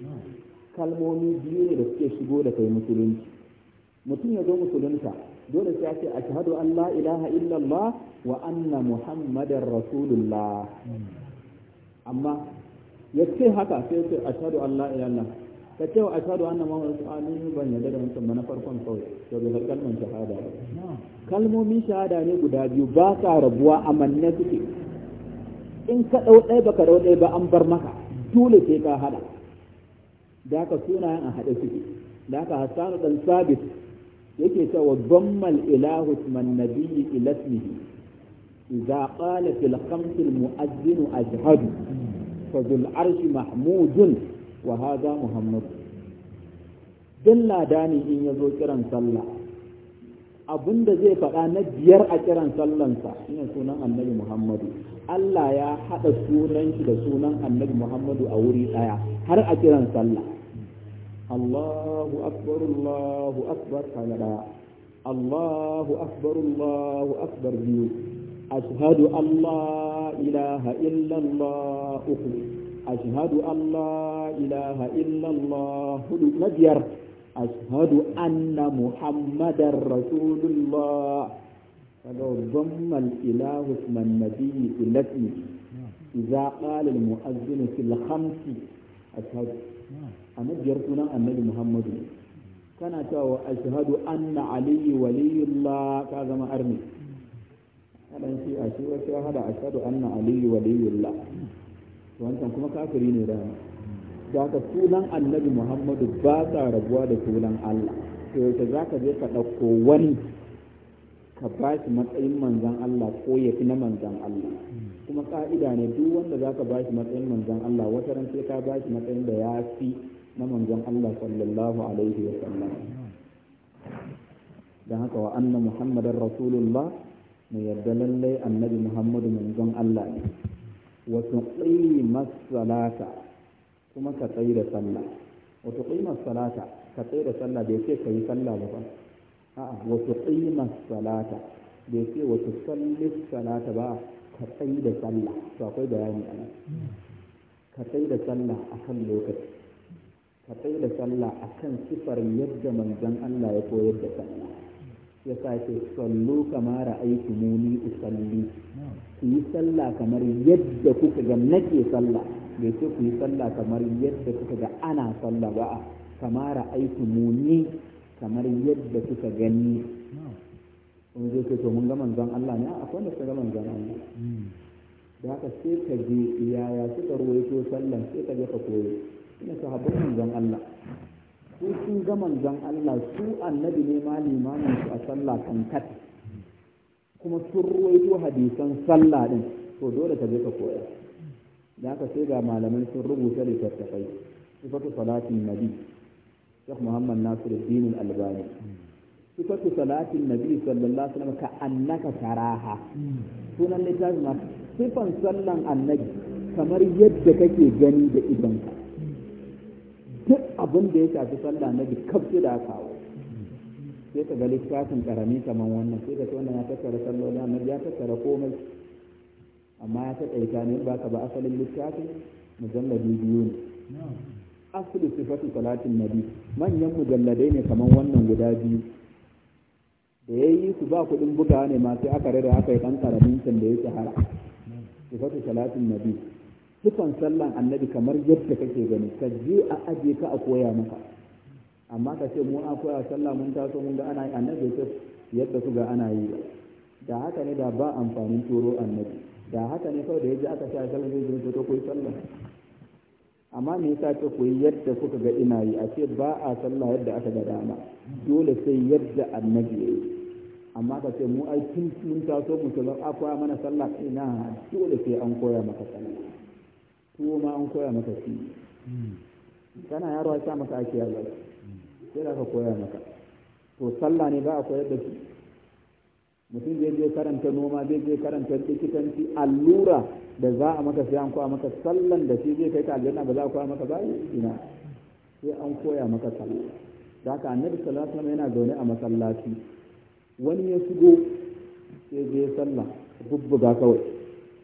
kalmomi biyu ne da suke shigo da kai musulunci mutum ya zo musulunta dole sai ce ashhadu an la ilaha illallah wa anna muhammadar rasulullah amma ya ce haka sai ce shahadu an la ilaha illallah ka ce wa ashhadu anna muhammadar rasulullah ban yarda da wancan na farkon kawai to bai kalmar shahada kalmomin shahada ne guda biyu ba sa rabuwa a manne suke in ka ɗau ɗaya baka ɗau ɗaya ba an bar maka dole sai ka haɗa. da haka sunayen a haɗe suke da haka hassanu dan sabit yake cewa gammal ilahu man nabiyyi ila ismihi idza qala fil khamsi al mu'adhdhin ajhadu fa dhul arshi mahmudun wa hadha muhammad dalla dani in yazo kiran sallah abin da zai faɗa na biyar a kiran sallansa shine sunan annabi muhammadu allah ya haɗa sunan shi da sunan annabi muhammadu a wuri ɗaya har a kiran sallah allahu akbar allahu akbar kaga allahu akbar allahu akbar biyu ashhadu an la ilaha allah uku ashhadu an la ilaha illallah hudu na biyar ashhadu anna muhammadar rasulullah kaga dhamma al-ilahu isma an-nabiy fil lati idza qala al-mu'azzin fil khamsi ashhadu annabi sunan annabi muhammadu kana cewa ashhadu anna aliyu waliyullah ka zama arni kadan shi a shi wasu hada ashhadu anna aliyu waliyullah wancan kuma kafiri ne da da haka sunan annabi muhammadu ba sa rabuwa da sunan allah to yaushe za ka je ka ɗauko wani ka ba shi matsayin manzan allah ko ya fi na manzan allah kuma ka'ida ne duk wanda za ka ba shi matsayin manzan allah wata ran sai ka ba shi matsayin da ya fi na manzan allah sallallahu alaihi wa sallam dan haka wa anna muhammadan rasulullah mu yarda lallai annabi muhammadu manzan allah ne wa tuqimas salata kuma ka tsayi da sallah wato qimar salata ka tsayi da sallah bai ce ka yi sallah ba a'a wato qimar salata bai ce wato sallis salata ba ka tsayi da sallah to akwai bayani a nan ka tsayi da sallah akan lokaci ka tsayi da sallah akan sifar yadda manzon Allah ya koyar da sallah ya sace sallu kamar aiki muni usalli ku yi sallah kamar yadda kuka ga nake sallah bai ce ku yi sallah kamar yadda kuka ga ana sallah ba a kamar aiki muni kamar yadda kuka gani in zo ce to mun ga manzon Allah ne akwai wanda suka ga manzon Allah da haka sai ka je yaya suka ruwaito sallan sai ka je ka koyi ina sahabban manzon Allah su sun ga manzon Allah su annabi ne ma limamin su a sallah kankat kuma sun ruwaito hadisan sallah din to dole ka je ka koya da haka sai ga malamai sun rubuta littattafai sifatu salatin nabi Sheikh Muhammad Nasiruddin Al-Albani sifatu salatin nabi sallallahu alaihi wasallam ka annaka taraha sunan littafin sifan sallan annabi kamar yadda kake gani da idonka duk abin da ya shafi sallan annabi kaf da kawo sai ka ga littafin karami kamar wannan sai ka ce wannan ya tattara sallolin annabi ya tattara komai amma ya ta taƙaita ne ba ka ba asalin littafin mujalladi biyu ne asali sifatu salatin nabi manyan mujalladai ne kamar wannan guda biyu da ya yi su ba kuɗin buga ne ma sai aka rada aka yi ɗan ƙaramin can da ya shahara sifatu salatin nabi sifan sallan annabi kamar yadda kake gani ka je a aje ka a koya maka amma ka ce mu an koya sallah mun taso mun ga ana yi annabi sai yadda su ga ana yi da haka ne da ba amfanin turo annabi da haka ne kawai da ya ji aka sa sallah zai zai ta koyi sallah amma me yasa ta koyi yadda kuka ga ina yi a ce ba a sallah yadda aka ga dama dole sai yadda annabi ya yi amma ka ce mu ai tun mun taso mu sallah a koya mana sallah ina dole sai an koya maka sallah tuwo ma an koya maka shi kana yaro a sa maka ake yalwa sai da aka koya maka to sallah ne ba a koyar da shi mutum zai je karanta noma zai je karanta likitanci allura da za a maka sai an koya maka sallan da shi zai kai ka aljanna ba za a koya maka bayi ina sai an koya maka da haka annabi sallallahu alaihi yana zaune a masallaci wani ya shigo sai je sallah bubbuga kawai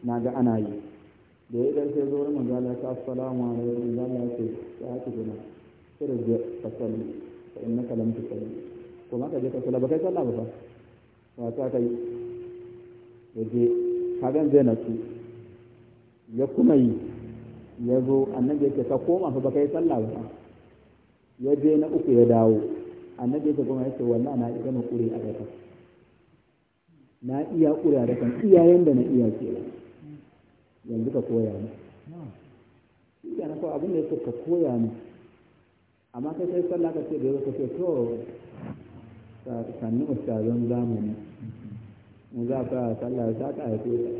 na ga ana yi da ya dan sai zo wani manzo Allah ta assalamu alaikum manzo Allah ce ya ci gina sai da sallah fa innaka lam tusalli kuma ka je ka sallah ba kai sallah ba fa wasa ta yi ya je kagan zai natsu ya kuma yi ya zo annabi yake ka koma fa baka yi sallah ba ya je na uku ya dawo annabi yake kuma yace wallahi na iya na kure a daka na iya kure a daka iyayen da na iya kenan yanzu ka koya ni shi na kawai abin da yake ka koya ni amma kai sai sallah ka ce da yau ka ce to sannu ustazan zamani mu za ka sallah ta ka haife ta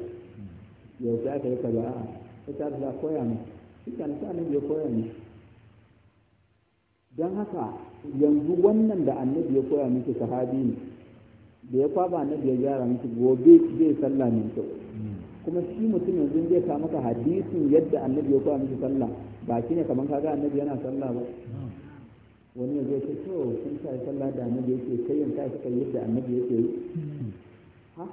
yau ta ka yi ka ba a ta za koya shi ita ta ne ya koya ne, don haka yanzu wannan da annabi ya koya miki sahabi ne da ya kwaba annabi ya gyara miki gobe zai sallah ne kyau kuma shi mutum yanzu zai ka maka hadisin yadda annabi ya koya miki sallah ba shi ne kamar kaga annabi yana sallah ba wani ya zai ce to sun sa sallah da annabi yake kai yin ka suka yadda annabi yake yi ha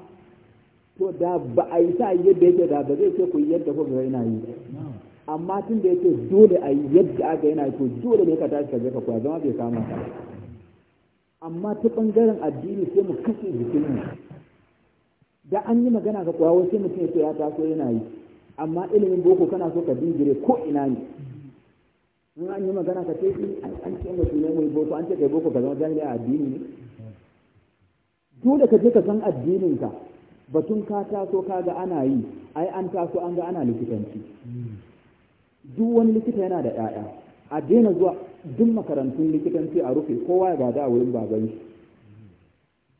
to da ba a yi sa yadda yake da ba zai ce ku yadda ko ga yana yi amma tun da yake dole a yi yadda aka yana to dole ne ka tashi ka je ka koya zama bai kama ka amma ta bangaren addini sai mu kashe mu da an yi magana ga kwawo sai mutum ya ya taso yana yi amma ilimin boko kana so ka dingire ko ina ne in an yi magana ka ce an ce musu ne mai boko an ce kai boko ka zama jami'a a addini ne dole ka je ka san addininka batun ka taso ka ga ana yi ai an taso an ga ana likitanci duk wani likita yana da 'ya'ya a daina zuwa duk makarantun likitanci a rufe kowa ya gada a wurin baban shi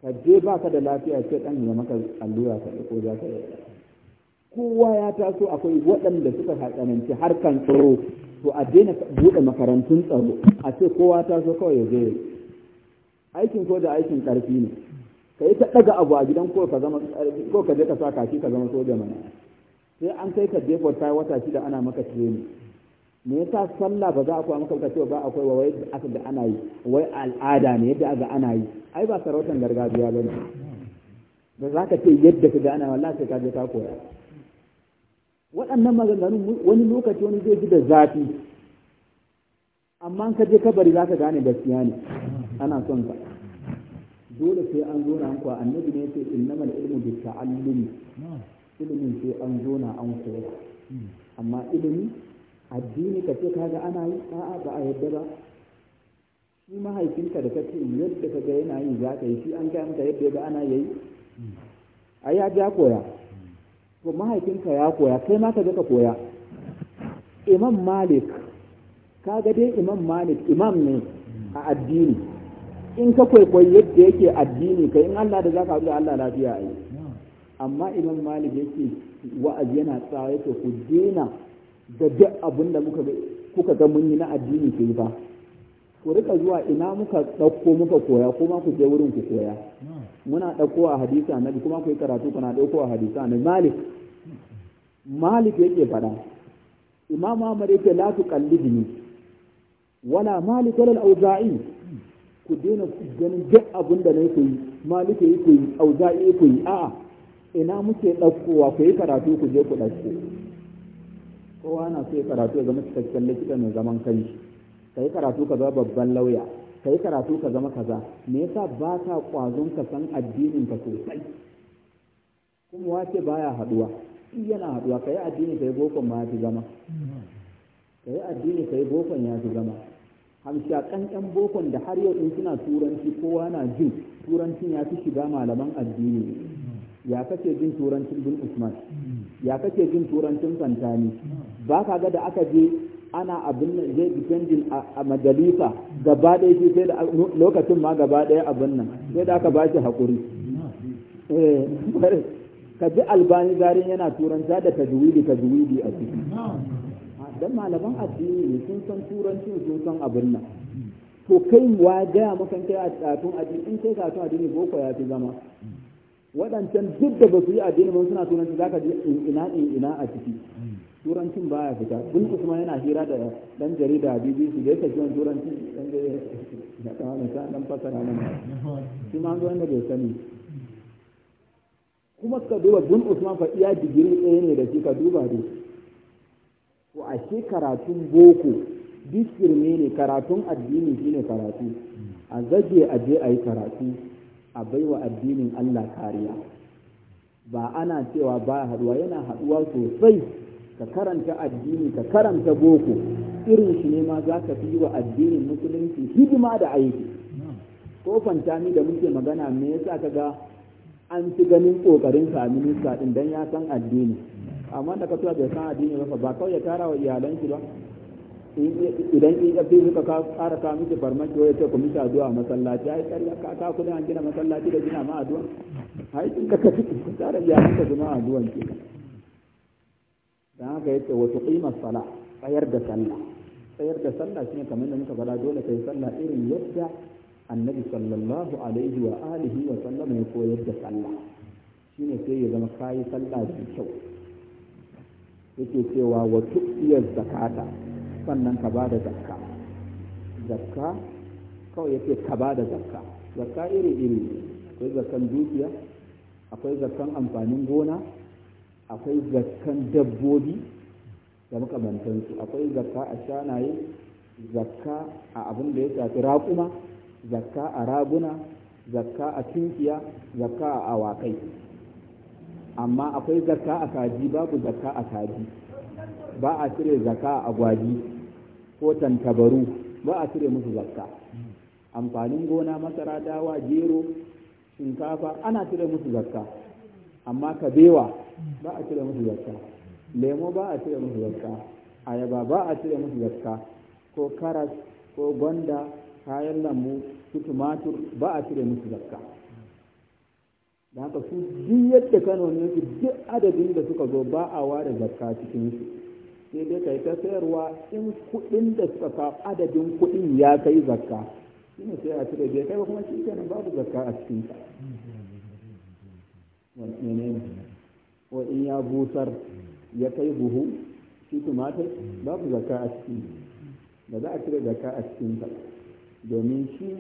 ka je ba ka da lafiya ce ɗan ya maka allura ka ko za ka yi kowa ya taso akwai waɗanda suka hatsananci harkan tsoro to a daina buɗe makarantun tsaro a ce kowa ta so kawai ya zo aikin ko da aikin ƙarfi ne ka yi ta ɗaga abu a gidan ko ka zama ko ka je ka sa kaki ka zama soja mana sai an kai ka jefar ta wata shida ana maka training me yasa sallah ba za a koya maka ka ce ba akwai wai aka da ana yi wai al'ada ne yadda aka ana yi ai ba sarautan gargajiya ba ne da za ka ce yadda ka ga ana wallahi sai ka je ka koya waɗannan maganganun wani lokaci wani zai ji da zafi amma ka je kabari za ka gane gaskiya ne ana son ka dole sai an zo na kuwa annabi ne ce ilimin ilmu ta allumi ilimin sai an zo na an koya amma ilimi addini ka ce kaga ana yi a'a ba a yadda ba shi mahaifinka da ka ce yadda ka ga yana yi za ka yi shi an kai maka yadda ba ana yi a ya ja koya to mahaifinka ya koya kai ma ka ka koya imam malik ka ga dai imam malik imam ne a addini in ka kwaikwayi yadda yake addini kai in Allah da zaka da Allah lafiya yi amma imam malik yake wa'azi yana tsawa yake ku dena da duk abin da muka kuka ga mun yi na addini yi ba ku rika zuwa ina muka ɗauko muka koya kuma ku je wurin ku koya muna ɗauko a hadisi annabi kuma ku yi karatu kuna ɗauko a hadisi annabi malik malik yake faɗa imam ahmad yake la tu qallidni wala malik wala auza'i ku daina ganin duk abin da nayi ku yi malik yi ku yi auza'i ku yi a'a ina muke ɗaukowa ku yi karatu ku je ku ɗauko kowa na so ya karatu ya zama cikakken likita mai zaman kanshi ka yi karatu ka zama babban lauya ka yi karatu ka zama kaza me yasa ba ka kwazon ka san addinin ka sosai kuma wace baya haduwa in yana haduwa ka yi addini ka yi bokon ma fi zama ka yi addini ka yi bokon ya fi zama hamsha kankan bokon da har yau in suna turanci kowa na jin turancin ya fi shiga malaman addini ya kake jin turancin bin usman ya kake jin turancin santani ba ka ga da aka je ana abin nan zai dependin a majalisa gaba ɗaya shi sai da lokacin ma gaba ɗaya abin nan sai da aka bashi haƙuri eh, ka ji albani garin yana turanta da tajwidi tajwidi a ciki dan malaman addini sun san turancin sun san abin nan to kai wa gaya maka kai a katun addini in kai katun addini boko ya fi zama waɗancan duk da ba su yi addini ba suna turanci za ka ji ina ina a ciki turancin ya fita bin kuma yana hira da dan jarida bbc da yake jiran turancin dan da ya kawo ta dan fasara nan shi ma wanda bai sani kuma ka duba bin usman fa iya digiri ɗaya ne da shi ka duba dai to shi karatun boko disirme ne karatun addini shine karatu a zage a je a yi karatu a baiwa addinin allah kariya ba ana cewa ba haduwa yana haduwa sosai ka karanta addini ka karanta boko irin shi ne ma za ka fi wa addinin musulunci hidima da aiki ko ni da muke magana me yasa ka ga an fi ganin kokarin sa minista din dan ya san addini amma da ka kasuwa bai san addini ba ba kawai ya tara wa iyalan shi ba idan in ka fi suka kara ka miki farmaki wai ce ku miki addu'a masallaci ai ƙarya ka ka kudin an gina masallaci da gina ma addu'a ai tun ka ka fi tsara iyalan ka zuma addu'an ke dan haka yace wa tuqima sala tsayar da sallah tsayar da sallah shine kamar da muka faɗa dole kai sallah irin yadda annabi sallallahu alaihi wa alihi wa sallam ya koyar da sallah shine sai ya zama kayi sallah da kyau yake cewa wa tuqiyaz zakata sannan ka ba zakka zakka kawai yake ka ba zakka zakka iri iri akwai zakkan dukiya akwai zakkan amfanin gona akwai zakkan dabbobi da makamantansu akwai zakka a shanaye zakka a abin da ya shafi raƙuma zakka a raguna zakka a tunkiya zakka a awakai amma akwai zakka a kaji babu zakka a kaji ba a cire zakka a agwaji ko tantabaru ba a cire musu zakka amfanin gona masara dawa gero shinkafa ana cire musu zakka amma kabewa ba a cire musu zakka lemo ba a cire musu zakka ayaba ba a cire musu zakka ko karas ko gwanda kayan lambu su tumatur ba a cire musu zakka da haka su duk yadda kano ne su duk adadin da suka zo ba a ware zakka cikin su sai dai kai ta sayarwa in kuɗin da suka kawo adadin kuɗin ya kai zakka shi ne sai a cire bai kai ba kuma shi kenan babu zakka a cikin sa ko in ya busar ya kai buhu shi tumatir babu zaka a ciki ba za a cire zaka a cikinsa domin shi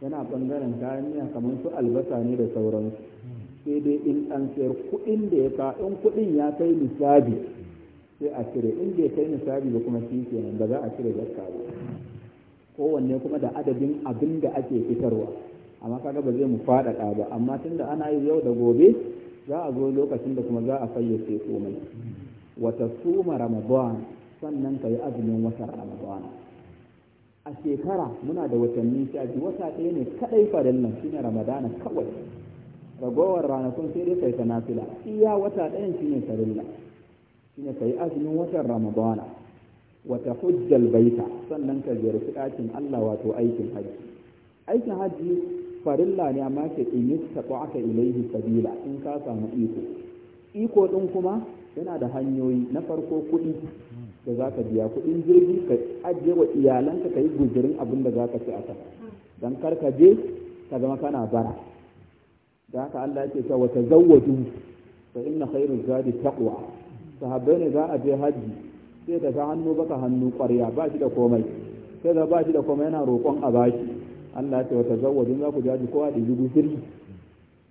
yana bangaren kayan miya kamar su albasa ne da sauransu sai dai in an sayar kuɗin da ya ka in kuɗin ya kai misabi sai a cire in bai kai misabi ba kuma shi kenan ba za a cire zaka ba kowanne kuma da adadin abin da ake fitarwa amma kaga ba zai mu faɗaɗa ba amma tunda ana yi yau da gobe za a zo lokacin da kuma za a fayyace komai wata suma ramadan sannan ka yi azumin wata ramadan a shekara muna da watanni sha biyu wata ɗaya ne kaɗai farin nan shine ramadana kawai ragowar ranakun sai dai kai ta nafila iya wata ɗayan shine farilla shine yi azumin watan ramadana wata hujjal baita sannan ka ziyarci ɗakin Allah wato aikin hajji aikin hajji farilla ne amma ke in yi aka ilaihi sabila in ka samu iko iko ɗin kuma yana da hanyoyi na farko kuɗi da za ka biya kuɗin jirgi ka ajiye wa iyalanka ka yi gujirin abin da za ka ci a kan don kar ka je ka zama kana bara da haka Allah ce cewa wata tazawwaju fa inna khairul zadi taqwa sahabbai ne za a je haji sai ka ga hannu baka hannu ƙwarya ba shi da komai sai da ba shi da komai yana roƙon a bashi Allah ya ce wata zawajin za ku jaji kowa da yi guziri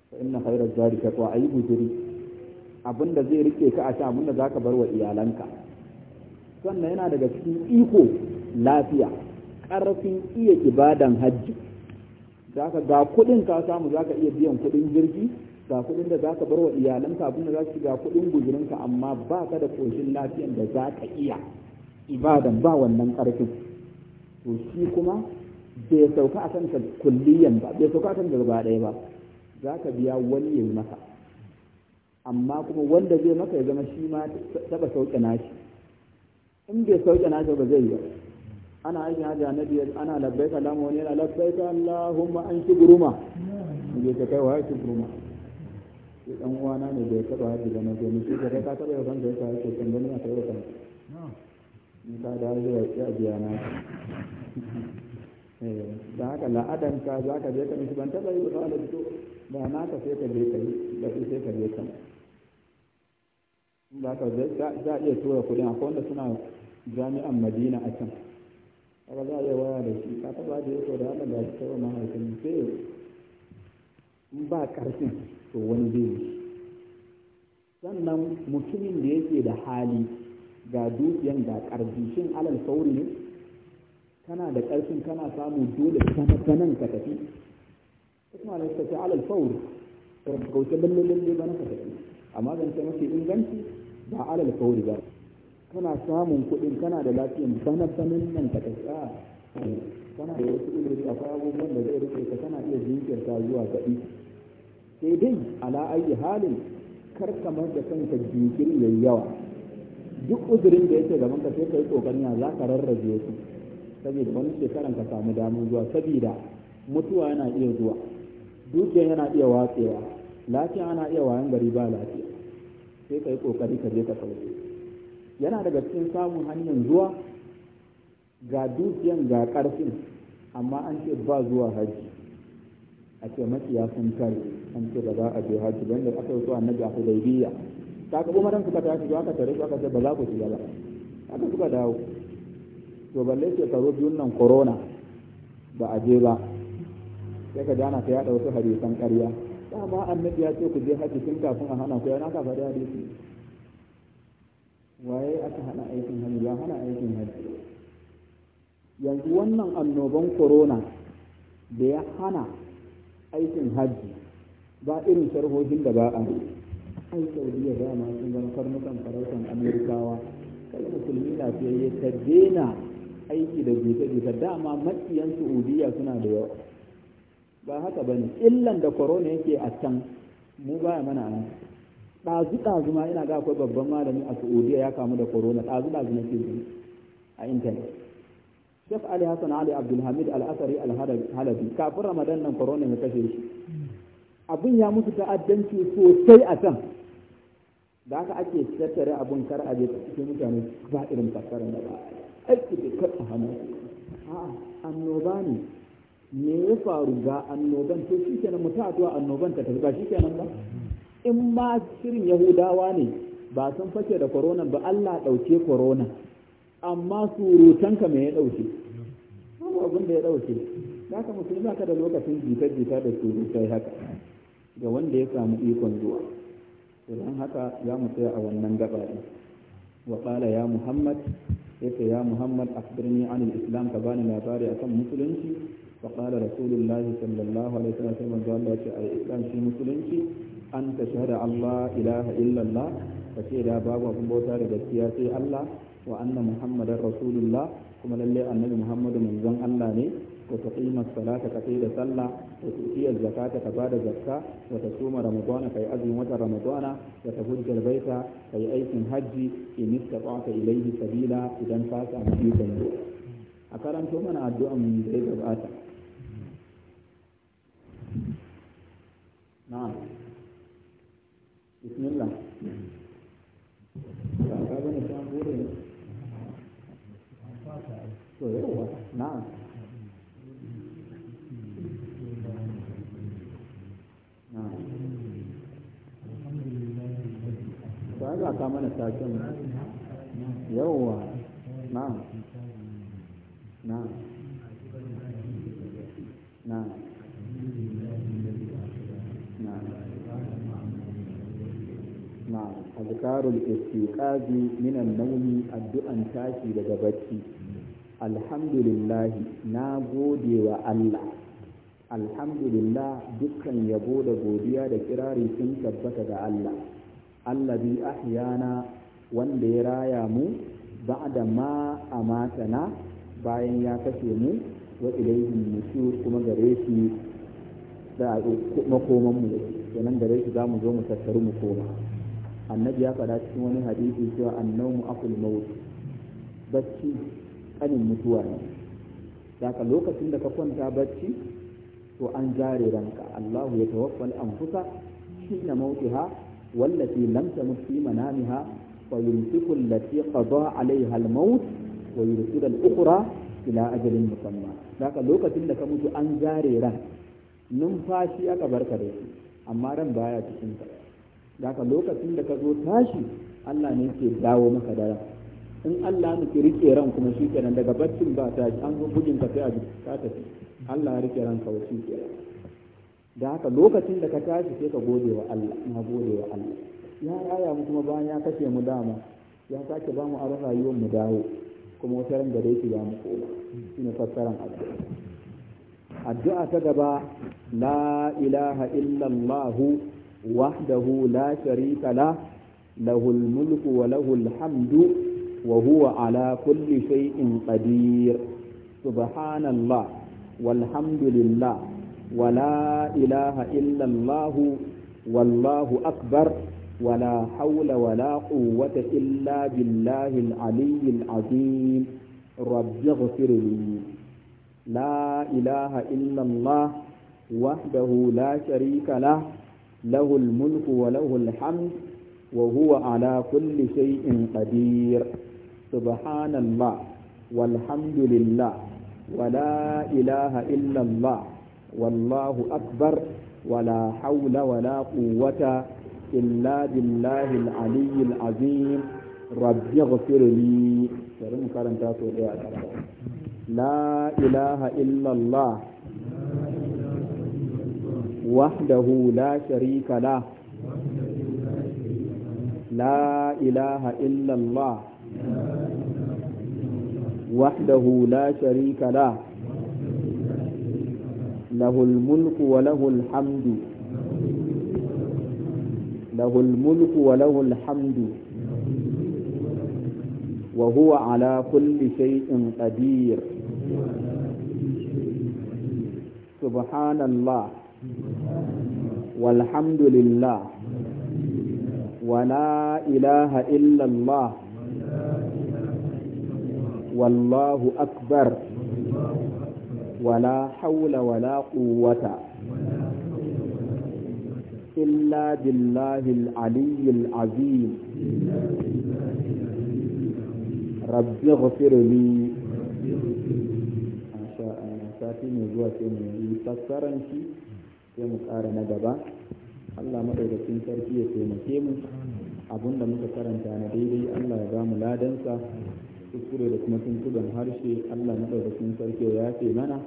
fa inna khairaz zari ka a yi abinda zai rike ka a sha abinda za ka bar wa iyalanka sannan yana daga cikin iko lafiya ƙarfin iya ibadan hajji za ga kuɗin ka samu za iya biyan kuɗin jirgi ga kuɗin da za ka bar wa iyalanka abinda za su ga kuɗin guzurinka amma ba ka da ƙoshin lafiyan da zaka iya ibadan ba wannan ƙarfin to shi kuma bai sauka a kanka kulliyan ba bai sauka a kanka gaba ɗaya ba za ka biya wani ya yi maka amma kuma wanda zai maka ya zama shi ma taɓa sauke nashi in bai sauke nashi ba zai yi ana aiki aikin na biya ana labbai ka lamu wani yana labbai ka Allahumma an shi guruma bai ta kai wa shi guruma sai ɗan uwana ne bai taɓa haɗu da na gani shi ka kai ka taɓa yau kanka ya kai kan gani a kai kanka in ka dawo zai ya biya na Eh, da haka adam ka za ka je ka mishi ban taɓa yi ba da fito ba na ka sai ka je ka yi ba su sai ka je ka ba ka za a iya tura kuɗin akwai wanda suna jami'an madina a can Ba za a iya waya da shi ka taba da yato da haka da shi taɓa mahaifin sai in ba ƙarfin to wani zai yi sannan mutumin da yake da hali ga dukiyan ga ƙarfi shin alal sauri ne kana da ƙarfin kana samu dole ta maka nan ka tafi kuma da ta alal fawr ko wuce lalle lalle ba na ka tafi amma zan ce mafi inganci ba alal fawr ba kana samun kuɗin kana da lafiyan sanar sanin nan ka tafi a kana da wasu ilimi akwai abubuwan da zai rufe ka kana iya jinkirta zuwa gaɗi sai dai ala ayi halin kar kamar da kanka jinkiri yayi yawa duk uzurin da yake gaban ka sai ka yi kokarin ya za ka rarrabe su saboda wani shekaran ka samu damu zuwa saboda mutuwa yana iya zuwa dukiya yana iya watsewa lafiya ana iya wayan gari ba lafiya sai ka yi kokari ka je ka sauke yana daga cikin samun hanyar zuwa ga dukiyan ga ƙarfin amma an ce ba zuwa haji a ce ya sun kare an ce ba za a je haji wanda aka yi zuwa annabi a hudaibiyya ta ka umaran suka tashi ka tare su aka ce ba za ku shiga ba aka suka dawo to balle karo biyun nan corona ba a je ba sai ka jana ka yada wasu hadisan ƙarya ba annabi ya ce ku je haji tun kafin a hana ku ya naka faɗi hadisi waye aka hana aikin hajji ba hana aikin hajji yanzu wannan annoban corona da ya hana aikin hajji ba irin sharhohin da ba a ai saudiya dama sun zama karnukan farautan amerikawa kai musulmi na fiye ta daina aiki da jita-jita dama matsiyan saudiya suna da yawa ba haka ba ne illan da korona yake a can mu baya mana a nan ɗazu-ɗazu ma ina ga akwai babban malami a saudiya ya kamu da korona ɗazu-ɗazu na ke a intanet chef Ali Hassan Ali Abdulhamid alasari asari Al-Halabi kafin Ramadan nan corona ya kashe shi. Abin ya mutu ta'addanci sosai a can. Da haka ake tattare abin kar a je cikin mutane ba irin fassarar da ba. aiki da kaɗa hannu a'a annoba ne me ya faru ga annoban to shi kenan mu ta annoban ta tafi ba shi kenan ba in ma shirin yahudawa ne ba sun fashe da korona ba Allah ɗauke korona amma surutanka me ya ɗauke babu abin da ya ɗauke za ka musulmi ba ka da lokacin jita-jita da surutai haka ga wanda ya samu ikon zuwa don haka za mu tsaya a wannan gaba wa ya muhammad yace ya Muhammad akhbirni an al-islam ka bani labari akan musulunci fa qala rasulullahi sallallahu alaihi wasallam manzo Allah yace ai islam shi musulunci an ta shahada Allah ilaha illallah ka ce da babu abin bauta da gaskiya sai Allah wa anna Muhammadar rasulullah kuma lalle annabi muhammadu manzon allah ne wa tuqima salata ka da sallah wa tuqiya zakata ka bada zakka wa tasuma ka yi azumin watan ramadana wa tahujja ka yi aikin hajji in istata'ta ilayhi sabila idan ka samu ikon a karanto mana addu'an mu da gabata na'am bismillah ka ga ne ta bude yawwa ba za ka mana sakin yawwa na'am na'am na'am na'am minan addu'an tashi daga bacci alhamdulillahi na gode wa Allah alhamdulillah dukkan yabo da godiya da kirari sun tabbata ga Allah Allah allazi ahyana wanda ya raya mu ba ba'da ma amatana bayan ya kashe mu wa ilaihin nushur kuma gare shi da makoman mu kenan gare shi zamu zo mu tattaru mu koma annabi ya faɗa cikin wani hadisi cewa annawmu aful maut bacci kanin mutuwa ne daga lokacin da ka kwanta bacci to an jare ranka Allah ya tawaffal anfusa hina mautiha wallati lam tamut fi manamiha wa tukun allati qada alaiha al-maut wa yursilu al-ukhra ila ajalin musamma daga lokacin da ka mutu an jare ran numfashi aka barka da shi amma ran baya cikin ka daga lokacin da ka zo tashi Allah ne ke dawo maka da ran in Allah ya nufi rike ran kuma shi kenan daga baccin ba ta an zo bugin ka sai a ka tafi Allah ya rike ran ka shi kenan da haka lokacin da ka tashi sai ka gode wa Allah na gode wa Allah ya raya mu kuma bayan ya kashe mu dama ya sake ba mu aron rayuwar mu dawo kuma wata ran da dai ya mu koma shine fassaran addu'a addu'a ta gaba la ilaha illallah wahdahu la sharika lah lahul mulku wa lahul وهو على كل شيء قدير سبحان الله والحمد لله ولا إله إلا الله والله أكبر ولا حول ولا قوة إلا بالله العلي العظيم رب اغفر لي لا إله إلا الله وحده لا شريك له له الملك وله الحمد وهو على كل شيء قدير subhanallah walhamdulillah wala ilaha illallah wallahu akbar wala haula. wala quwwata illa billahi al-aliyyi al-azim rabbi ighfirli bari mu karanta so da la وحده لا شريك له لا إله إلا الله وحده لا شريك له له الملك وله الحمد له الملك وله الحمد وهو على كل شيء قدير سبحان الله والحمد لله ولا إله إلا الله wallahu akbar wala haula wala quwwata illa billahi al-aliyyil azim rabbi ghfirli sati mai zuwa sai mu yi fassaran shi sai mu ƙara na gaba Allah maɗaukakin sarki ya taimake mu abinda muka karanta na daidai Allah ya ba mu ladansa kuskure da kuma tuntuban harshe Allah maɗaukakin sarki ya yafe mana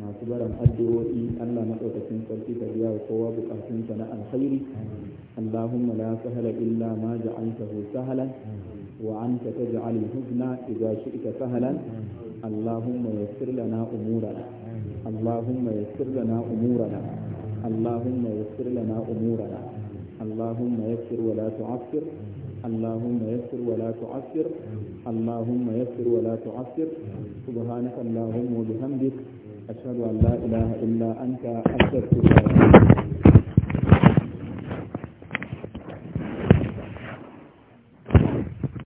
masu barin addu'o'i Allah maɗaukakin sarki ta biya wa kowa bukatunsa na alkhairi Allahumma la sahala illa ma ja'altahu sahalan wa anta taj'al al-huzna idha shi'ta sahalan Allahumma yassir lana umurana Allahumma yassir lana umurana Allahumma yassir lana umurana Allahumma yassir wa la tu'assir اللهم يسر ولا تعسر اللهم يسر ولا تعسر سبحانك اللهم وبحمدك أشهد أن لا إله إلا أنت أستغفرك